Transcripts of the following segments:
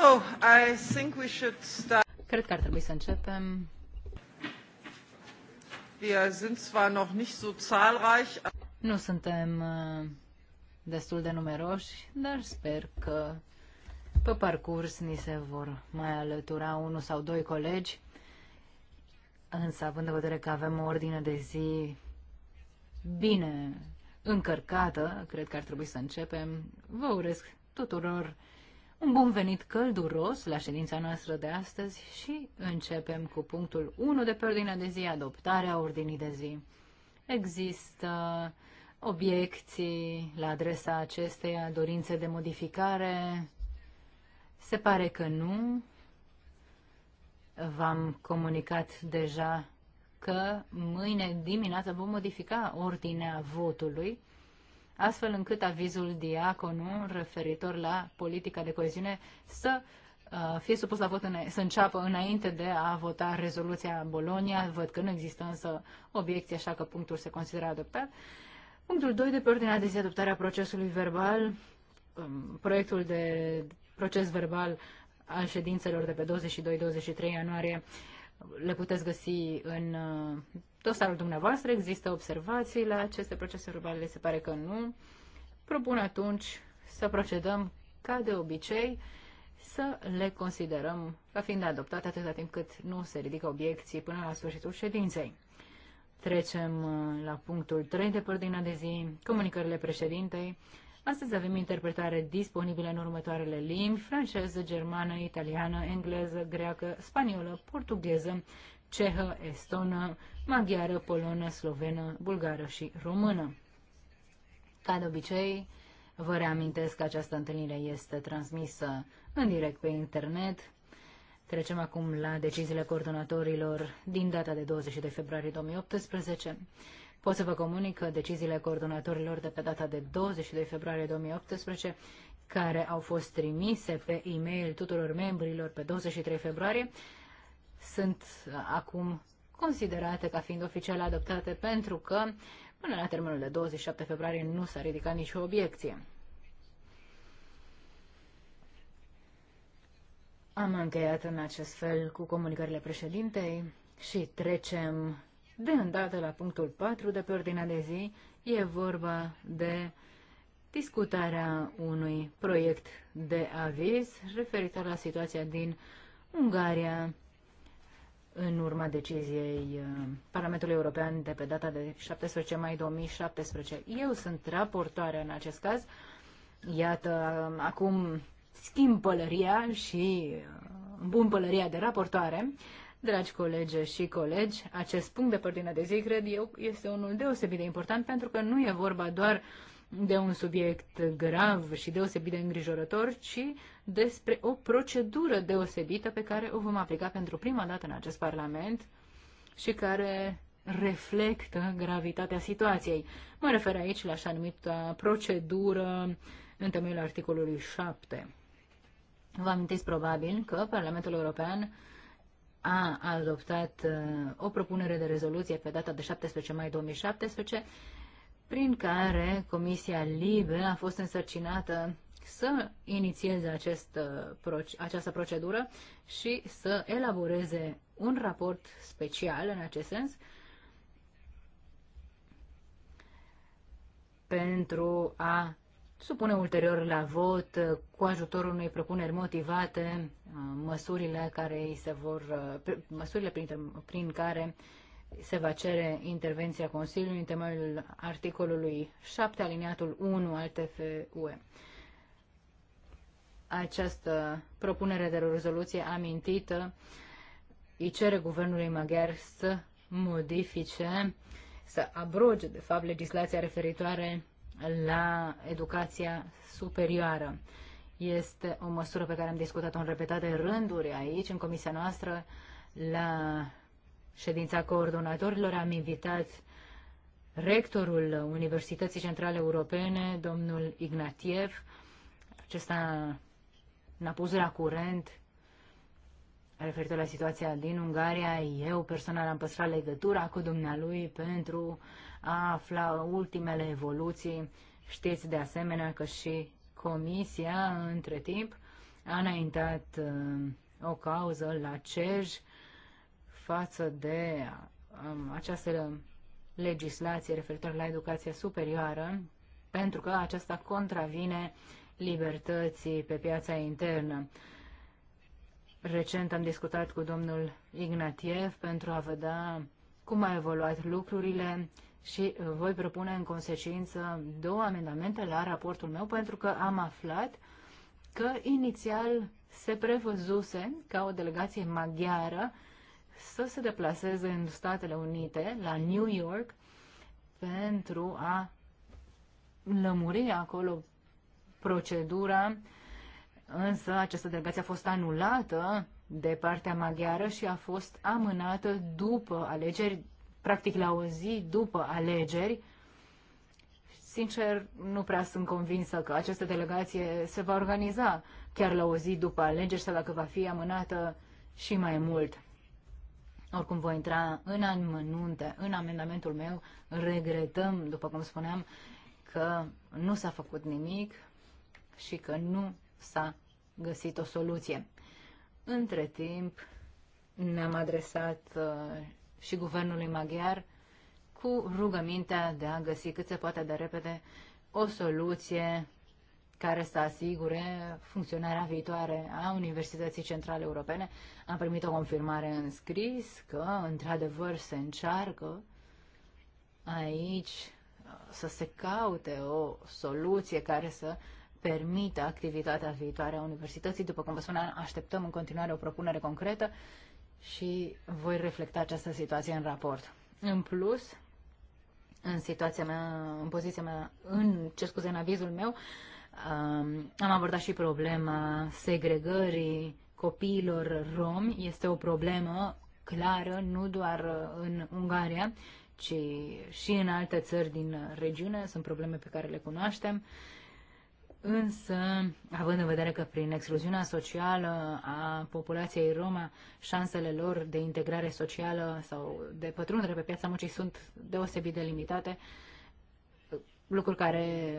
So, I think we should start. Cred că ar trebui să începem. Wir sind zwar noch nicht so zahlreich. Nu suntem uh, destul de numeroși, dar sper că pe parcurs ni se vor mai alătura unul sau doi colegi. Însă, având în vedere că avem o ordine de zi bine încărcată, cred că ar trebui să începem. Vă urez tuturor un bun venit călduros la ședința noastră de astăzi și începem cu punctul 1 de pe ordinea de zi, adoptarea ordinii de zi. Există obiecții la adresa acesteia, dorințe de modificare? Se pare că nu. V-am comunicat deja că mâine dimineață vom modifica ordinea votului astfel încât avizul Diaconu referitor la politica de coeziune să uh, fie supus la vot, în, să înceapă înainte de a vota rezoluția Bolonia. Văd că nu există însă obiecții, așa că punctul se consideră adoptat. Punctul 2 de pe ordinea de zi, adoptarea procesului verbal, um, proiectul de proces verbal al ședințelor de pe 22-23 ianuarie le puteți găsi în uh, dosarul dumneavoastră, există observații la aceste procese verbale, se pare că nu. Propun atunci să procedăm ca de obicei, să le considerăm ca fiind adoptate atâta timp cât nu se ridică obiecții până la sfârșitul ședinței. Trecem uh, la punctul 3 de pe ordinea de zi, comunicările președintei. Astăzi avem interpretare disponibilă în următoarele limbi, franceză, germană, italiană, engleză, greacă, spaniolă, portugheză cehă, estonă, maghiară, polonă, slovenă, bulgară și română. Ca de obicei, vă reamintesc că această întâlnire este transmisă în direct pe internet. Trecem acum la deciziile coordonatorilor din data de de februarie 2018. Pot să vă comunic că deciziile coordonatorilor de pe data de 22 februarie 2018, care au fost trimise pe e-mail tuturor membrilor pe 23 februarie, sunt acum considerate ca fiind oficial adoptate pentru că până la termenul de 27 februarie nu s-a ridicat nicio obiecție. Am încheiat în acest fel cu comunicările președintei și trecem de îndată la punctul 4 de pe ordinea de zi. E vorba de discutarea unui proiect de aviz referitor la situația din Ungaria în urma deciziei uh, Parlamentului European de pe data de 17 mai 2017. Eu sunt raportoare în acest caz. Iată, uh, acum schimb pălăria și bun uh, pălăria de raportoare. Dragi colegi și colegi, acest punct de pordină de zi, cred eu, este unul deosebit de important pentru că nu e vorba doar uh, de un subiect grav și deosebit de îngrijorător, ci despre o procedură deosebită pe care o vom aplica pentru prima dată în acest Parlament și care reflectă gravitatea situației. Mă refer aici la așa numită procedură în temeiul articolului 7. Vă amintiți probabil că Parlamentul European a adoptat uh, o propunere de rezoluție pe data de 17 mai 2017 prin care Comisia Libe a fost însărcinată să inițieze acest, uh, această procedură și să elaboreze un raport special în acest sens pentru a supune ulterior la vot uh, cu ajutorul unei propuneri motivate uh, măsurile care îi se vor măsurile prin, prin care se va cere intervenția Consiliului în temeiul articolului 7, aliniatul 1 al TFUE. Această propunere de rezoluție amintită îi cere guvernului maghiar să modifice, să abroge, de fapt, legislația referitoare la educația superioară. Este o măsură pe care am discutat-o în repetate rânduri aici, în comisia noastră, la ședința coordonatorilor am invitat rectorul Universității Centrale Europene, domnul Ignatiev. Acesta ne-a pus la curent referitor la situația din Ungaria. Eu personal am păstrat legătura cu dumnealui pentru a afla ultimele evoluții. Știți de asemenea că și Comisia, între timp, a înaintat uh, o cauză la CEJ față de um, această legislație referitoare la educația superioară, pentru că aceasta contravine libertății pe piața internă. Recent am discutat cu domnul Ignatiev pentru a vedea cum au evoluat lucrurile și voi propune în consecință două amendamente la raportul meu pentru că am aflat că inițial se prevăzuse ca o delegație maghiară să se deplaseze în Statele Unite, la New York, pentru a lămuri acolo procedura, însă această delegație a fost anulată de partea maghiară și a fost amânată după alegeri, practic la o zi după alegeri. Sincer, nu prea sunt convinsă că această delegație se va organiza chiar la o zi după alegeri sau dacă va fi amânată și mai mult. Oricum voi intra în amănunte, în amendamentul meu, regretăm, după cum spuneam, că nu s-a făcut nimic și că nu s-a găsit o soluție. Între timp, ne-am adresat uh, și guvernului maghiar cu rugămintea de a găsi cât se poate de repede o soluție care să asigure funcționarea viitoare a Universității Centrale Europene. Am primit o confirmare în scris că, într-adevăr, se încearcă aici să se caute o soluție care să permită activitatea viitoare a universității. După cum vă spuneam, așteptăm în continuare o propunere concretă și voi reflecta această situație în raport. În plus, în situația mea, în poziția mea, în, ce scuze, în avizul meu, am abordat și problema segregării copiilor romi. Este o problemă clară, nu doar în Ungaria, ci și în alte țări din regiune. Sunt probleme pe care le cunoaștem. Însă, având în vedere că prin excluziunea socială a populației Roma, șansele lor de integrare socială sau de pătrundere pe piața muncii sunt deosebit de limitate, lucruri care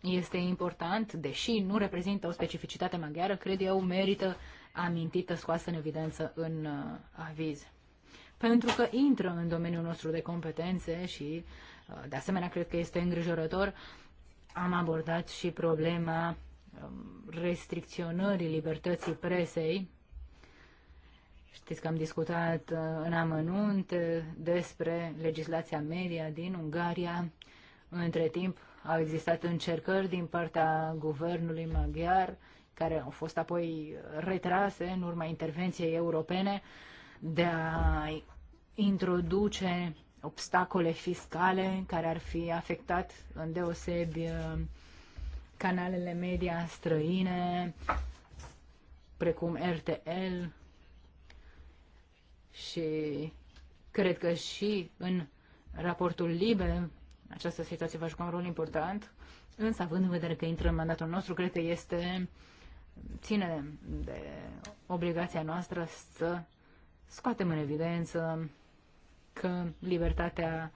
este important, deși nu reprezintă o specificitate maghiară, cred eu merită amintită, scoasă în evidență în uh, aviz. Pentru că intră în domeniul nostru de competențe și, uh, de asemenea, cred că este îngrijorător, am abordat și problema um, restricționării libertății presei. Știți că am discutat uh, în amănunt despre legislația media din Ungaria. Între timp, au existat încercări din partea guvernului maghiar, care au fost apoi retrase în urma intervenției europene, de a introduce obstacole fiscale care ar fi afectat deosebi uh, canalele media străine, precum RTL și cred că și în raportul liber. Această situație va juca un rol important, însă având în vedere că intră în mandatul nostru, cred că este ține de obligația noastră să scoatem în evidență că libertatea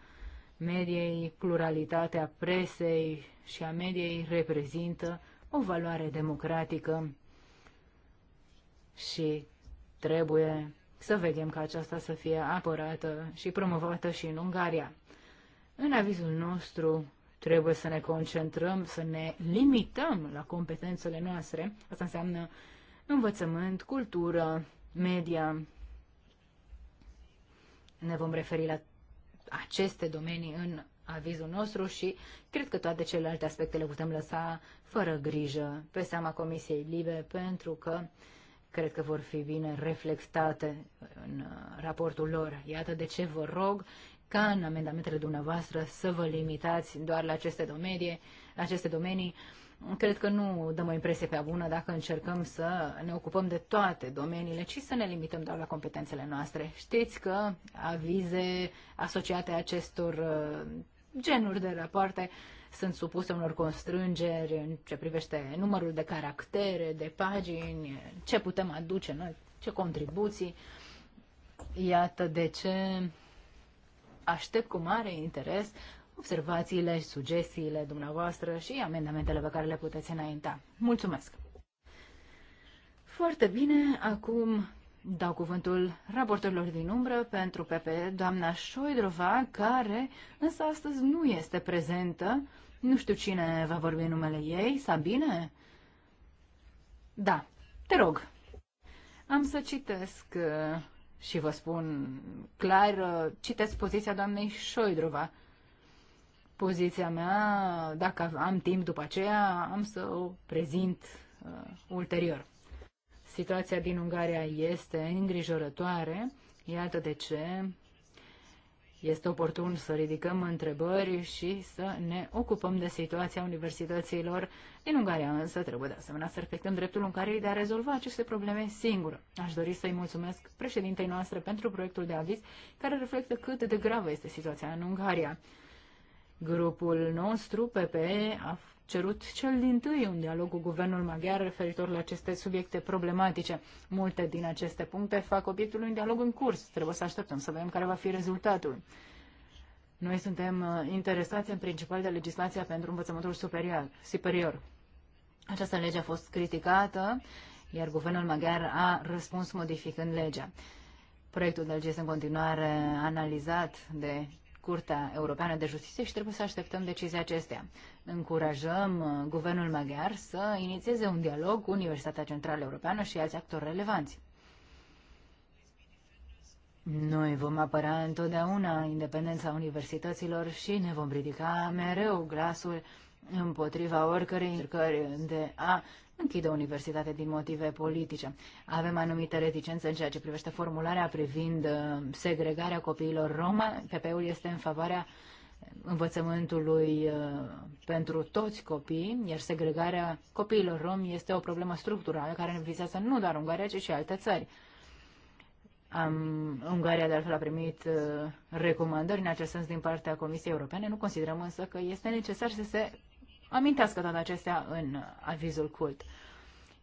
mediei, pluralitatea presei și a mediei reprezintă o valoare democratică și trebuie să vedem ca aceasta să fie apărată și promovată și în Ungaria. În avizul nostru trebuie să ne concentrăm, să ne limităm la competențele noastre. Asta înseamnă învățământ, cultură, media. Ne vom referi la aceste domenii în avizul nostru și cred că toate celelalte aspecte le putem lăsa fără grijă pe seama Comisiei Libe pentru că cred că vor fi bine reflectate în uh, raportul lor. Iată de ce vă rog ca în amendamentele dumneavoastră să vă limitați doar la aceste domenii, aceste domenii. Cred că nu dăm o impresie pe bună dacă încercăm să ne ocupăm de toate domeniile, ci să ne limităm doar la competențele noastre. Știți că avize asociate acestor uh, genuri de rapoarte sunt supuse unor constrângeri în ce privește numărul de caractere, de pagini, ce putem aduce noi, ce contribuții. Iată de ce aștept cu mare interes observațiile și sugestiile dumneavoastră și amendamentele pe care le puteți înainta. Mulțumesc! Foarte bine, acum dau cuvântul raportorilor din umbră pentru PP, doamna Șoidrova, care însă astăzi nu este prezentă. Nu știu cine va vorbi numele ei, Sabine? Da, te rog. Am să citesc uh, și vă spun clar, uh, citeți poziția doamnei Șoidrova. Poziția mea, dacă am timp după aceea, am să o prezint uh, ulterior. Situația din Ungaria este îngrijorătoare. Iată de ce este oportun să ridicăm întrebări și să ne ocupăm de situația universităților din Ungaria, însă trebuie de asemenea să respectăm dreptul Ungariei de a rezolva aceste probleme singură. Aș dori să-i mulțumesc președintei noastre pentru proiectul de aviz care reflectă cât de gravă este situația în Ungaria. Grupul nostru, PPE, a cerut cel din tâi un dialog cu guvernul maghiar referitor la aceste subiecte problematice. Multe din aceste puncte fac obiectul unui dialog în curs. Trebuie să așteptăm să vedem care va fi rezultatul. Noi suntem uh, interesați în principal de legislația pentru învățământul superior. superior. Această lege a fost criticată, iar guvernul maghiar a răspuns modificând legea. Proiectul de lege este în continuare analizat de Curtea Europeană de Justiție și trebuie să așteptăm decizia acestea încurajăm uh, guvernul maghiar să inițieze un dialog cu Universitatea Centrală Europeană și alți actori relevanți. Noi vom apăra întotdeauna independența universităților și ne vom ridica mereu glasul împotriva oricărei încercări de a închide universitate din motive politice. Avem anumite reticențe în ceea ce privește formularea privind uh, segregarea copiilor Roma. PP-ul este în favoarea uh, învățământului uh, pentru toți copiii, iar segregarea copiilor romi este o problemă structurală care ne vizează nu doar Ungaria, ci și alte țări. Am, Ungaria, de altfel, a primit uh, recomandări în acest sens din partea Comisiei Europene. Nu considerăm însă că este necesar să se amintească toate acestea în avizul cult.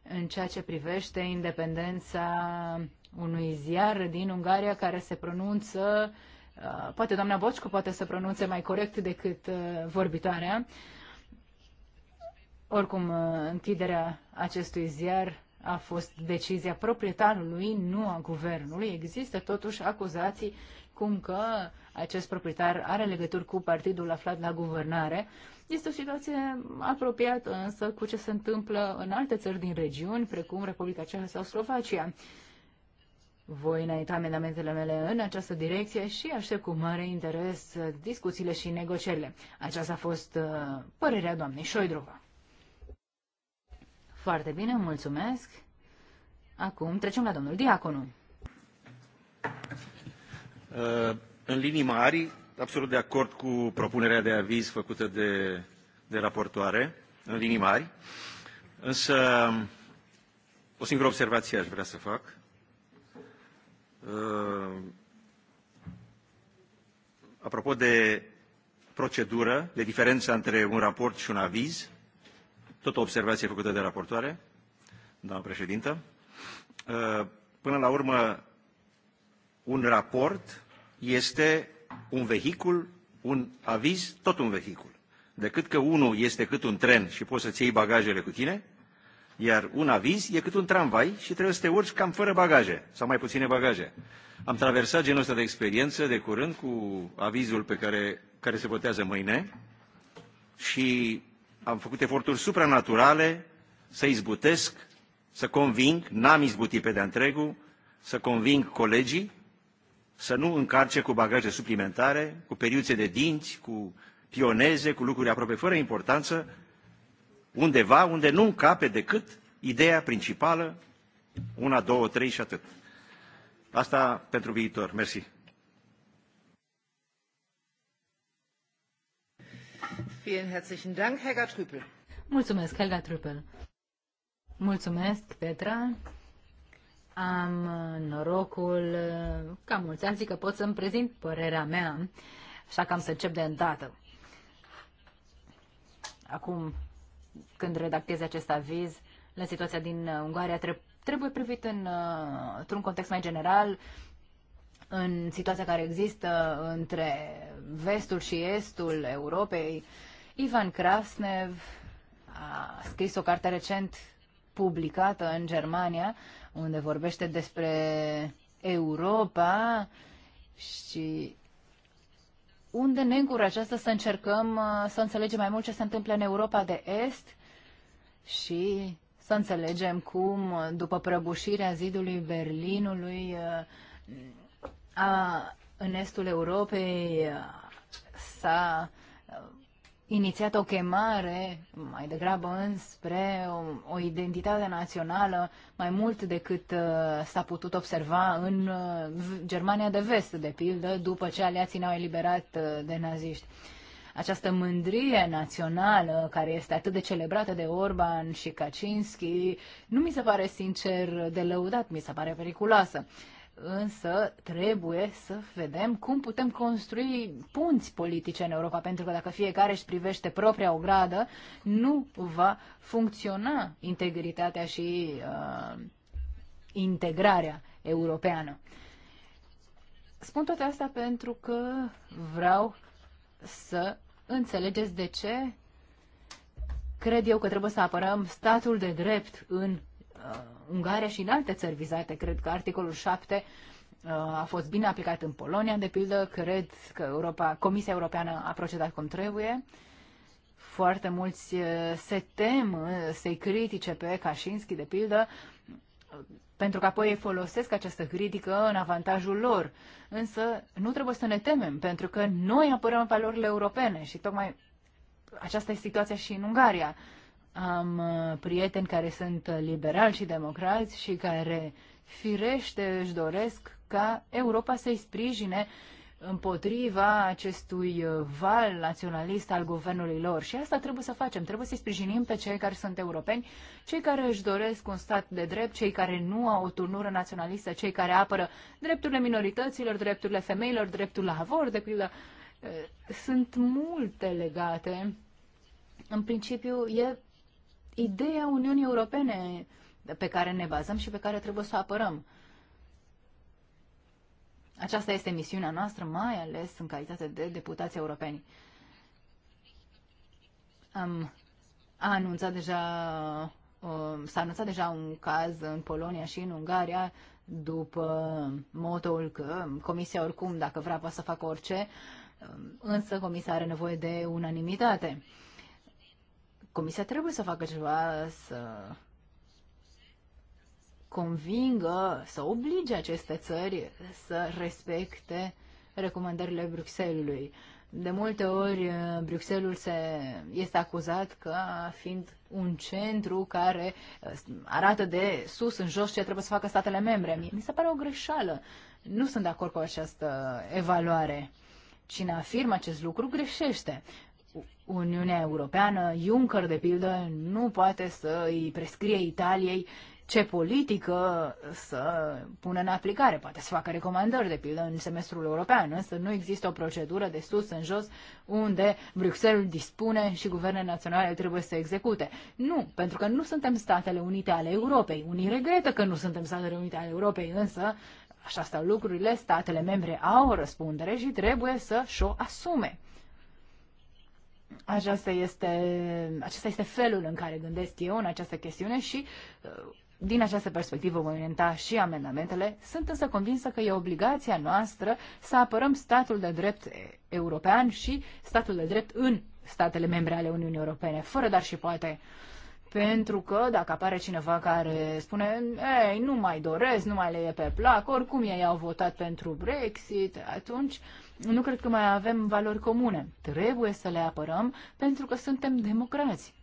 În ceea ce privește independența unui ziar din Ungaria care se pronunță uh, Uh, poate doamna Bocicu poate să pronunțe mai corect decât uh, vorbitoarea. Oricum, uh, închiderea acestui ziar a fost decizia proprietarului, nu a guvernului. Există totuși acuzații cum că acest proprietar are legături cu partidul aflat la guvernare. Este o situație apropiată însă cu ce se întâmplă în alte țări din regiuni, precum Republica Cehă sau Slovacia. Voi înainta amendamentele mele în această direcție și aștept cu mare interes discuțiile și negocierile. Aceasta a fost uh, părerea doamnei Șoidrova. Foarte bine, mulțumesc. Acum trecem la domnul Diaconu. Uh, în linii mari, absolut de acord cu propunerea de aviz făcută de, de raportoare, în linii mari. Însă, o singură observație aș vrea să fac. Uh, apropo de procedură, de diferența între un raport și un aviz, tot o observație făcută de raportoare, doamna președintă. Uh, până la urmă, un raport este un vehicul, un aviz, tot un vehicul. Decât că unul este cât un tren și poți să-ți iei bagajele cu tine, iar un aviz e cât un tramvai și trebuie să te urci cam fără bagaje sau mai puține bagaje. Am traversat genul ăsta de experiență de curând cu avizul pe care, care se votează mâine și am făcut eforturi supranaturale să izbutesc, să conving, n-am izbutit pe de-a întregul, să conving colegii să nu încarce cu bagaje suplimentare, cu periuțe de dinți, cu pioneze, cu lucruri aproape fără importanță, undeva unde nu încape decât ideea principală, una, două, trei și atât. Asta pentru viitor. Mersi. Mulțumesc, Helga Trüppel. Mulțumesc, Petra. Am uh, norocul, uh, ca mulți alții, că pot să-mi prezint părerea mea, așa că am să încep de îndată. Acum când redactezi acest aviz la situația din uh, Ungaria trebuie privit în, uh, într-un context mai general în situația care există între vestul și estul Europei. Ivan Krasnev a scris o carte recent publicată în Germania, unde vorbește despre Europa și unde ne încurajează să încercăm uh, să înțelegem mai mult ce se întâmplă în Europa de Est și să înțelegem cum, uh, după prăbușirea zidului Berlinului, uh, a, în estul Europei s-a inițiat o chemare mai degrabă înspre o, o identitate națională mai mult decât uh, s-a putut observa în uh, Germania de vest, de pildă, după ce aliații ne-au eliberat uh, de naziști. Această mândrie națională care este atât de celebrată de Orban și Kaczynski nu mi se pare sincer de lăudat, mi se pare periculoasă. Uh, însă trebuie să vedem cum putem construi punți politice în Europa, pentru că dacă fiecare își privește propria ogradă, nu va funcționa integritatea și uh, integrarea europeană. Spun toate astea pentru că vreau să înțelegeți de ce cred eu că trebuie să apărăm statul de drept în Uh, Ungaria și în alte țări vizate. Cred că articolul 7 uh, a fost bine aplicat în Polonia, de pildă. Cred că Europa, Comisia Europeană a procedat cum trebuie. Foarte mulți uh, se tem să-i critique pe Kaczynski, de pildă, pentru că apoi ei folosesc această critică în avantajul lor. Însă nu trebuie să ne temem, pentru că noi apărăm valorile europene și tocmai aceasta e situația și în Ungaria. Uh, am uh, prieteni care sunt uh, liberali și democrați și care firește își doresc ca Europa să-i sprijine împotriva acestui uh, val naționalist al guvernului lor. Și asta trebuie să facem. Trebuie să-i sprijinim pe cei care sunt europeni, cei care își doresc un stat de drept, cei care nu au o turnură naționalistă, cei care apără drepturile minorităților, drepturile femeilor, dreptul la avor, de pildă. Sunt multe legate. În principiu, e ideea Uniunii Europene pe care ne bazăm și pe care trebuie să o apărăm. Aceasta este misiunea noastră, mai ales în calitate de deputați europeni. Am a anunțat deja, s-a anunțat deja un caz în Polonia și în Ungaria după motoul că Comisia oricum, dacă vrea, poate să facă orice, însă Comisia are nevoie de unanimitate. Comisia trebuie să facă ceva, să convingă, să oblige aceste țări să respecte recomandările Bruxellesului. De multe ori uh, Bruxellesul se, este acuzat ca fiind un centru care uh, arată de sus în jos ce trebuie să facă statele membre. Mi se pare o greșeală. Nu sunt de acord cu această evaluare. Cine afirmă acest lucru greșește. Uniunea Europeană, Juncker, de pildă, nu poate să îi prescrie Italiei ce politică să pună în aplicare. Poate să facă recomandări, de pildă, în semestrul european, însă nu există o procedură de sus în jos unde Bruxelles dispune și guvernele naționale trebuie să execute. Nu, pentru că nu suntem Statele Unite ale Europei. Unii regretă că nu suntem Statele Unite ale Europei, însă așa stau lucrurile, statele membre au o răspundere și trebuie să și-o asume. Aceasta este, acesta este felul în care gândesc eu în această chestiune și uh, din această perspectivă voi orienta și amendamentele. Sunt însă convinsă că e obligația noastră să apărăm statul de drept european și statul de drept în statele membre ale Uniunii Europene, fără dar și poate. Pentru că dacă apare cineva care spune, ei, nu mai doresc, nu mai le e pe plac, oricum ei au votat pentru Brexit, atunci uh, nu cred că mai avem valori comune. Trebuie să le apărăm pentru că suntem democrați.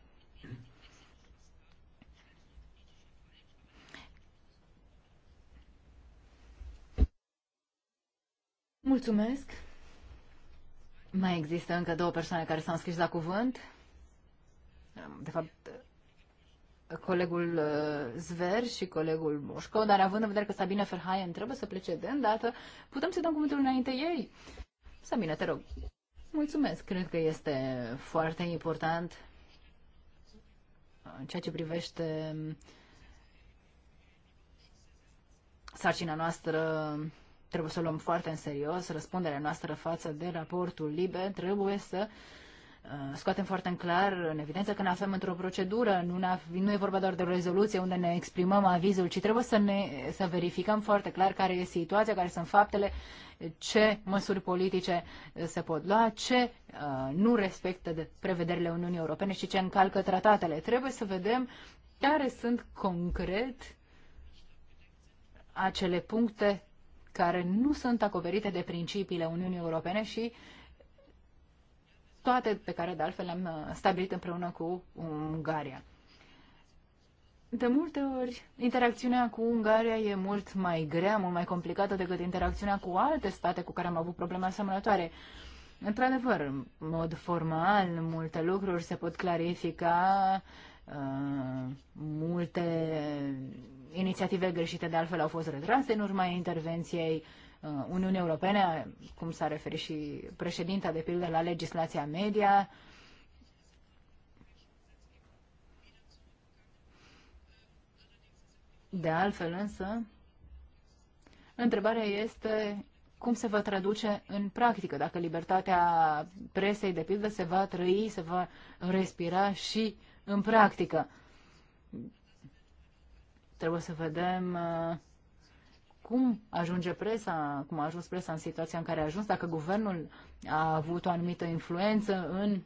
Mulțumesc. Mai există încă două persoane care s-au înscris la cuvânt. De fapt, colegul uh, Zver și colegul Moșco, dar având în vedere că Sabine Ferhaien trebuie să plece de îndată, putem să dăm cuvântul înainte ei. Sabina, te rog. Mulțumesc. Cred că este foarte important în ceea ce privește sarcina noastră trebuie să o luăm foarte în serios, răspunderea noastră față de raportul liber. trebuie să uh, Uh, scoatem foarte în clar, în evidență, că ne aflăm într-o procedură, nu, ne, nu e vorba doar de o rezoluție unde ne exprimăm avizul, ci trebuie să, ne, să verificăm foarte clar care e situația, care sunt faptele, ce măsuri politice uh, se pot lua, ce uh, nu respectă de prevederile Uniunii Europene și ce încalcă tratatele. Trebuie să vedem care sunt concret acele puncte care nu sunt acoperite de principiile Uniunii Europene și uh, toate pe care de altfel le-am uh, stabilit împreună cu Ungaria. De multe ori, interacțiunea cu Ungaria e mult mai grea, mult mai complicată decât interacțiunea cu alte state cu care am avut probleme asemănătoare. Într-adevăr, în mod formal, multe lucruri se pot clarifica, uh, multe inițiative greșite de altfel au fost retrase în urma intervenției uh, Uh, Uniunii Europene, cum s-a referit și președinta de pildă la legislația media, De altfel însă, întrebarea este cum se va traduce în practică, dacă libertatea presei, de pildă, se va trăi, se va respira și în practică. Trebuie să vedem uh, cum ajunge presa, cum a ajuns presa în situația în care a ajuns, dacă guvernul a avut o anumită influență în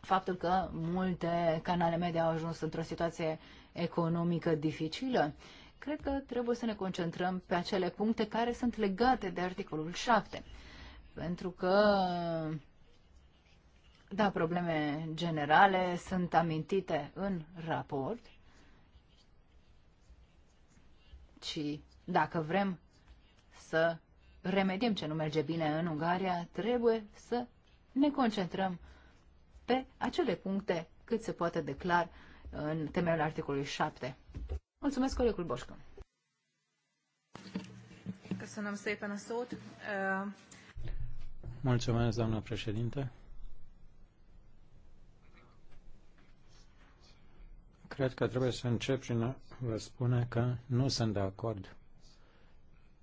faptul că multe canale media au ajuns într-o situație economică dificilă. Cred că trebuie să ne concentrăm pe acele puncte care sunt legate de articolul 7. Pentru că, da, probleme generale sunt amintite în raport, și dacă vrem să remediem ce nu merge bine în Ungaria, trebuie să ne concentrăm pe acele puncte cât se poate declar în temeiul articolului 7. Mulțumesc, colegul Boșcă. Mulțumesc, doamnă președinte. Cred că trebuie să încep și vă spune că nu sunt de acord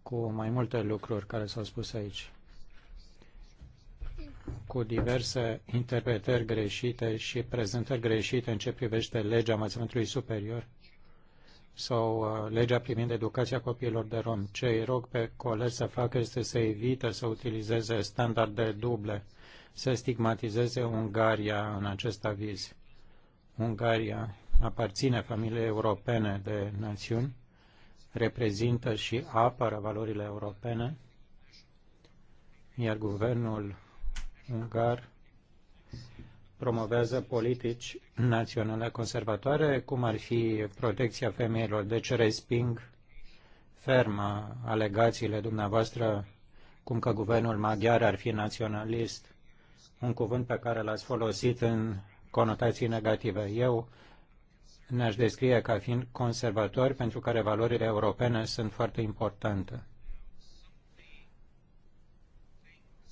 cu mai multe lucruri care s-au spus aici, cu diverse interpretări greșite și prezentări greșite în ce privește legea învățământului superior sau uh, legea privind educația copiilor de rom. Ce îi rog pe colegi să facă este să evite să utilizeze standarde duble, să stigmatizeze Ungaria în acest aviz. Ungaria aparține familiei europene de națiuni reprezintă și apără valorile europene, iar guvernul ungar promovează politici naționale conservatoare, cum ar fi protecția femeilor. Deci resping ferm alegațiile dumneavoastră cum că guvernul maghiar ar fi naționalist, un cuvânt pe care l-ați folosit în conotații negative. Eu ne-aș descrie ca fiind conservatori pentru care valorile europene sunt foarte importante.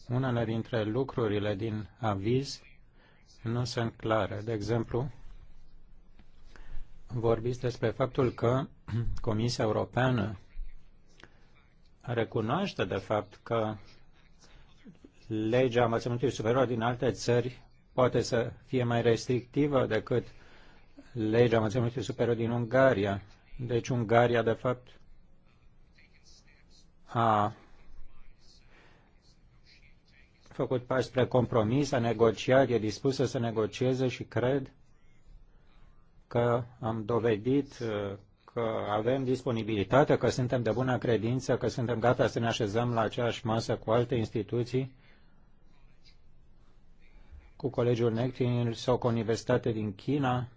Unele dintre lucrurile din aviz nu sunt clare. De exemplu, vorbiți despre faptul că Comisia Europeană recunoaște de fapt că legea învățământului superior din alte țări poate să fie mai restrictivă decât legea învățământului superă din Ungaria. Deci Ungaria, de fapt, a făcut pași spre compromis, a negociat, e dispusă să negocieze și cred că am dovedit uh, că avem disponibilitate, că suntem de bună credință, că suntem gata să ne așezăm la aceeași masă cu alte instituții, cu Colegiul Nectin sau cu Universitate din China,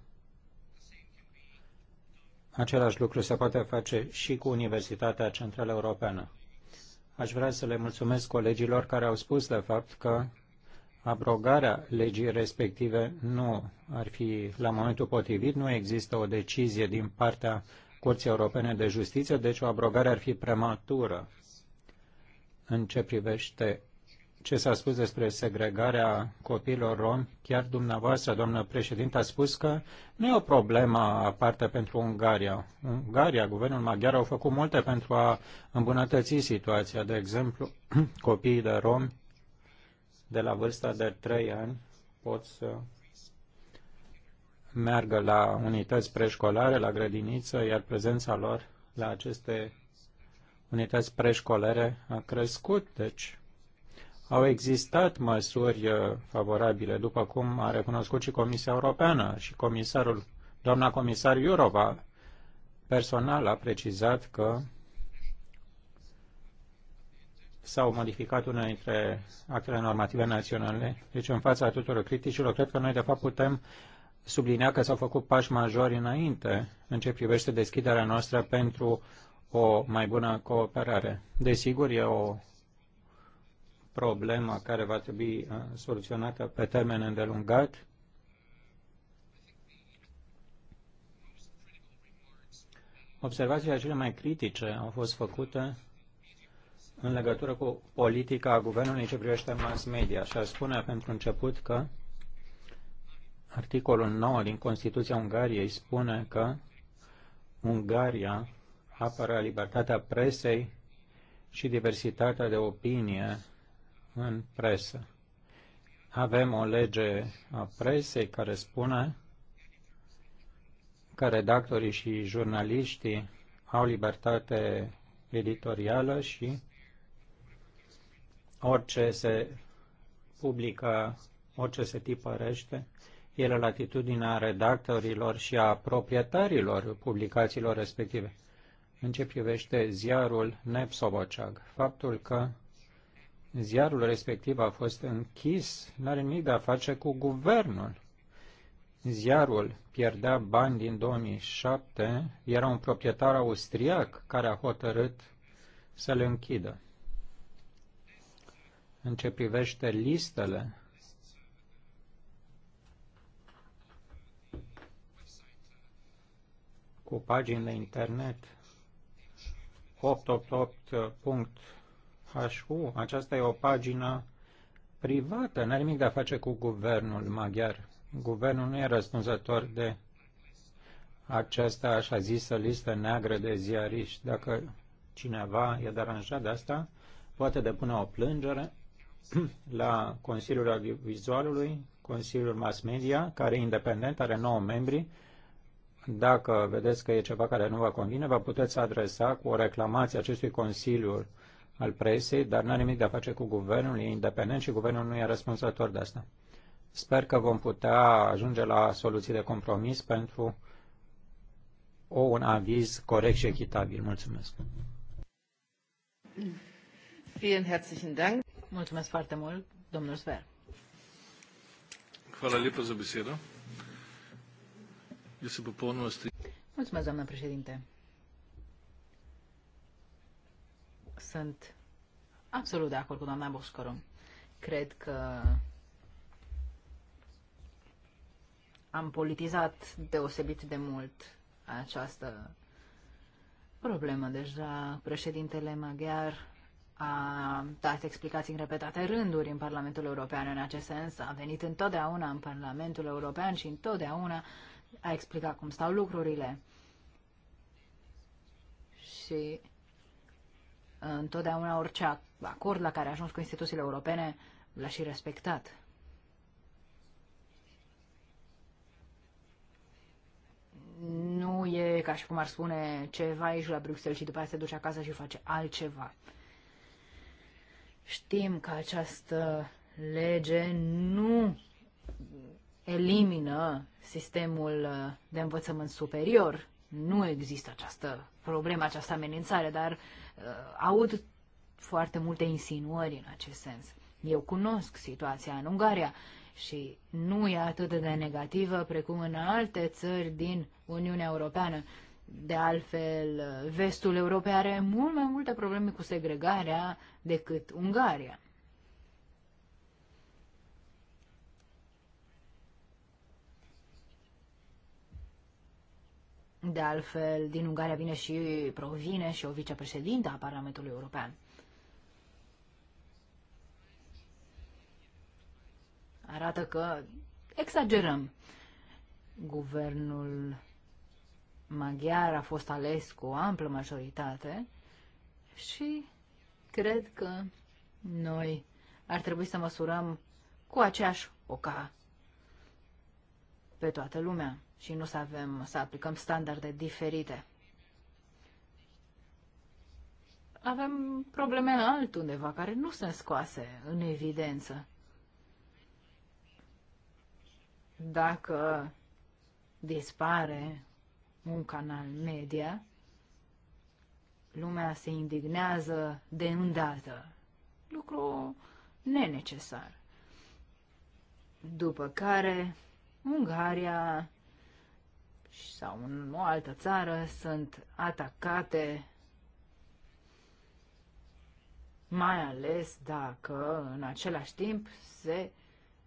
Același lucru se poate face și cu Universitatea Centrală Europeană. Aș vrea să le mulțumesc colegilor care au spus, de fapt, că abrogarea legii respective nu ar fi la momentul potrivit, nu există o decizie din partea Curții Europene de Justiție, deci o abrogare ar fi prematură în ce privește ce s-a spus despre segregarea copiilor romi, chiar dumneavoastră, doamnă președinte, a spus că nu e o problemă aparte pentru Ungaria. Ungaria, guvernul maghiar, au făcut multe pentru a îmbunătăți situația. De exemplu, copiii de romi de la vârsta de 3 ani pot să meargă la unități preșcolare, la grădiniță, iar prezența lor la aceste unități preșcolare a crescut. Deci, au existat măsuri uh, favorabile, după cum a recunoscut și Comisia Europeană și comisarul, doamna comisar Iurova, personal a precizat că s-au modificat unele dintre actele normative naționale. Deci, în fața tuturor criticilor, cred că noi, de fapt, putem sublinea că s-au făcut pași majori înainte în ce privește deschiderea noastră pentru o mai bună cooperare. Desigur, e o problema care va trebui uh, soluționată pe termen îndelungat. Observațiile cele mai critice au fost făcute în legătură cu politica a guvernului ce privește mass media și ar spune pentru început că articolul 9 din Constituția Ungariei spune că Ungaria apără libertatea presei și diversitatea de opinie în presă. Avem o lege a presei care spune că redactorii și jurnaliștii au libertate editorială și orice se publică, orice se tipărește, e la latitudinea redactorilor și a proprietarilor publicațiilor respective. În ce privește ziarul Nepsoboceag, faptul că ziarul respectiv a fost închis, nu are nimic de a face cu guvernul. Ziarul pierdea bani din 2007, era un proprietar austriac care a hotărât să le închidă. În ce privește listele, cu paginile internet 888 HU. Aceasta e o pagină privată, n-are nimic de a face cu guvernul maghiar. Guvernul nu e răspunzător de această așa zisă listă neagră de ziariști. Dacă cineva e deranjat de asta, poate depune o plângere la Consiliul Audiovizualului, Consiliul Mass Media, care e independent, are 9 membri. Dacă vedeți că e ceva care nu vă convine, vă puteți adresa cu o reclamație acestui Consiliu al presei, dar nu are nimic de a face cu guvernul, e independent și guvernul nu e răspunzător de asta. Sper că vom putea ajunge la soluții de compromis pentru o, un aviz corect și echitabil. Mulțumesc! Mulțumesc foarte mult, domnul Sper. Hvala lepa za besedo. Jaz se popolnoma strinjam. Mulțumesc, doamnă președinte. Sunt absolut de acord cu doamna Boscorum. Cred că am politizat deosebit de mult această problemă. Deja președintele maghiar a dat explicații în repetate rânduri în Parlamentul European în acest sens, a venit întotdeauna în Parlamentul European și întotdeauna a explicat cum stau lucrurile. Și întotdeauna orice acord la care a ajuns cu instituțiile europene l-a și respectat. Nu e ca și cum ar spune ceva aici la Bruxelles și după aceea se duce acasă și face altceva. Știm că această lege nu elimină sistemul uh, de învățământ superior. Nu există această problemă, această amenințare, dar uh, Uh, aud foarte multe insinuări în acest sens. Eu cunosc situația în Ungaria și nu e atât de negativă precum în alte țări din Uniunea Europeană. De altfel, uh, vestul european are mult mai multe probleme cu segregarea decât Ungaria. De altfel, din Ungaria vine și provine și o vicepreședintă a Parlamentului European. Arată că exagerăm. Guvernul maghiar a fost ales cu o amplă majoritate și cred că noi ar trebui să măsurăm cu aceeași oca pe toată lumea și nu să avem, să aplicăm standarde diferite. Avem probleme altundeva care nu sunt scoase în evidență. Dacă dispare un canal media, lumea se indignează de îndată. Lucru nenecesar. După care, Ungaria sau în o altă țară sunt atacate mai ales dacă în același timp se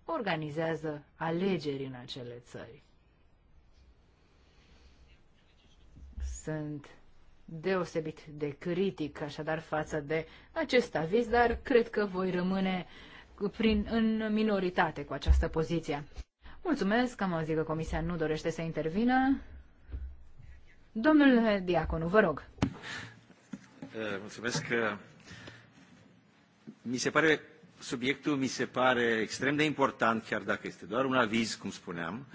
organizează alegeri în acele țări. Sunt deosebit de critic așadar față de acest aviz, dar cred că voi rămâne prin, în minoritate cu această poziție. Mulțumesc, am auzit că Comisia nu dorește să intervină. Domnul Diaconu, vă rog. Eh, mulțumesc. Mi se pare, subiectul mi se pare extrem de important, chiar dacă este doar un aviz, cum spuneam,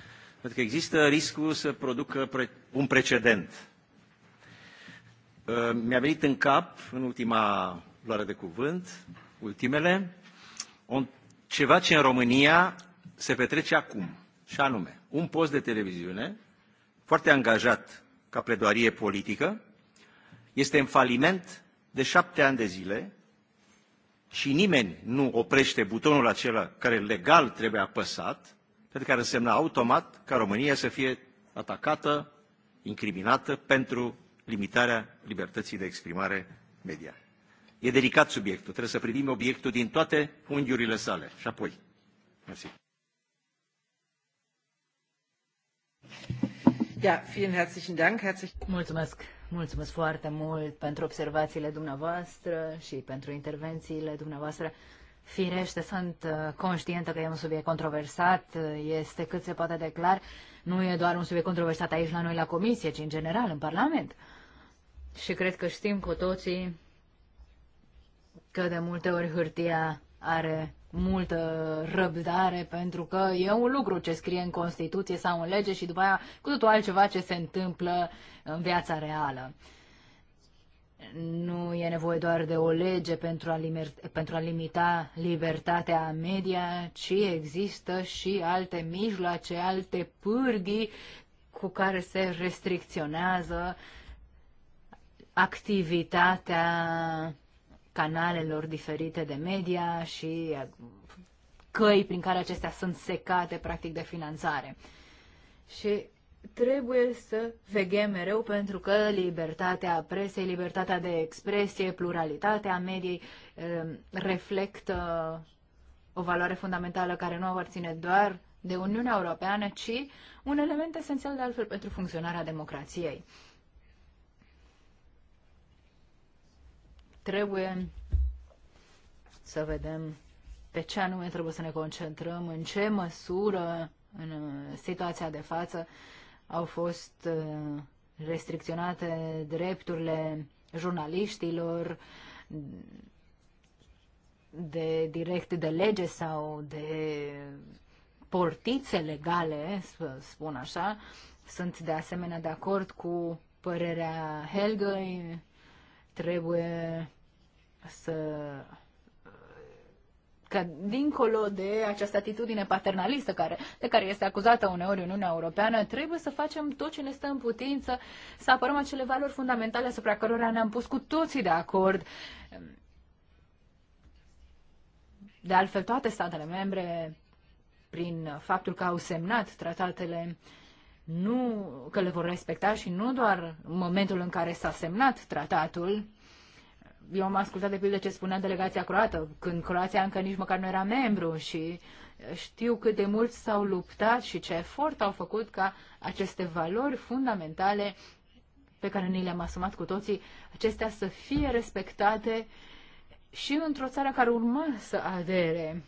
pentru că există riscul să producă un precedent. Eh, mi-a venit în cap, în ultima luare de cuvânt, ultimele, ceva ce în România se petrece acum și anume un post de televiziune foarte angajat ca pledoarie politică, este în faliment de șapte ani de zile și nimeni nu oprește butonul acela care legal trebuie apăsat, pentru că ar însemna automat ca România să fie atacată, incriminată pentru limitarea libertății de exprimare media. E delicat subiectul, trebuie să privim obiectul din toate unghiurile sale. Și apoi. Mersi. Ja, vielen herzlichen Dank. Herzlich... Mulțumesc. Mulțumesc foarte mult pentru observațiile dumneavoastră și pentru intervențiile dumneavoastră. Firește, sunt uh, conștientă că e un subiect controversat, uh, este cât se poate de clar. Nu e doar un subiect controversat aici la noi la comisie, ci în general în Parlament. Și cred că știm cu toții că de multe ori hârtia are multă răbdare, pentru că e un lucru ce scrie în Constituție sau în lege și după aia cu totul altceva ce se întâmplă în viața reală. Nu e nevoie doar de o lege pentru a, limer- pentru a limita libertatea media, ci există și alte mijloace, alte pârghii cu care se restricționează activitatea canalelor diferite de media și căi prin care acestea sunt secate, practic, de finanțare. Și trebuie să veghem mereu pentru că libertatea presei, libertatea de expresie, pluralitatea mediei ehm, reflectă o valoare fundamentală care nu aparține doar de Uniunea Europeană, ci un element esențial de altfel pentru funcționarea democrației. Trebuie să vedem pe ce anume trebuie să ne concentrăm, în ce măsură în uh, situația de față au fost uh, restricționate drepturile jurnaliștilor de direct de lege sau de portițe legale, să spun așa. Sunt de asemenea de acord cu părerea Helgăi Trebuie să că dincolo de această atitudine paternalistă care, de care este acuzată uneori Uniunea Europeană, trebuie să facem tot ce ne stă în putință, să apărăm acele valori fundamentale asupra cărora ne-am pus cu toții de acord. De altfel, toate statele membre, prin faptul că au semnat tratatele uh, nu, că le vor respecta și nu doar în momentul în care s-a semnat tratatul. Eu am ascultat de pildă ce spunea delegația croată, când Croația încă nici măcar nu era membru și știu cât de mult s-au luptat și ce efort au făcut ca aceste valori fundamentale pe care ni le-am asumat cu toții, acestea să fie respectate și într-o țară care urma să adere.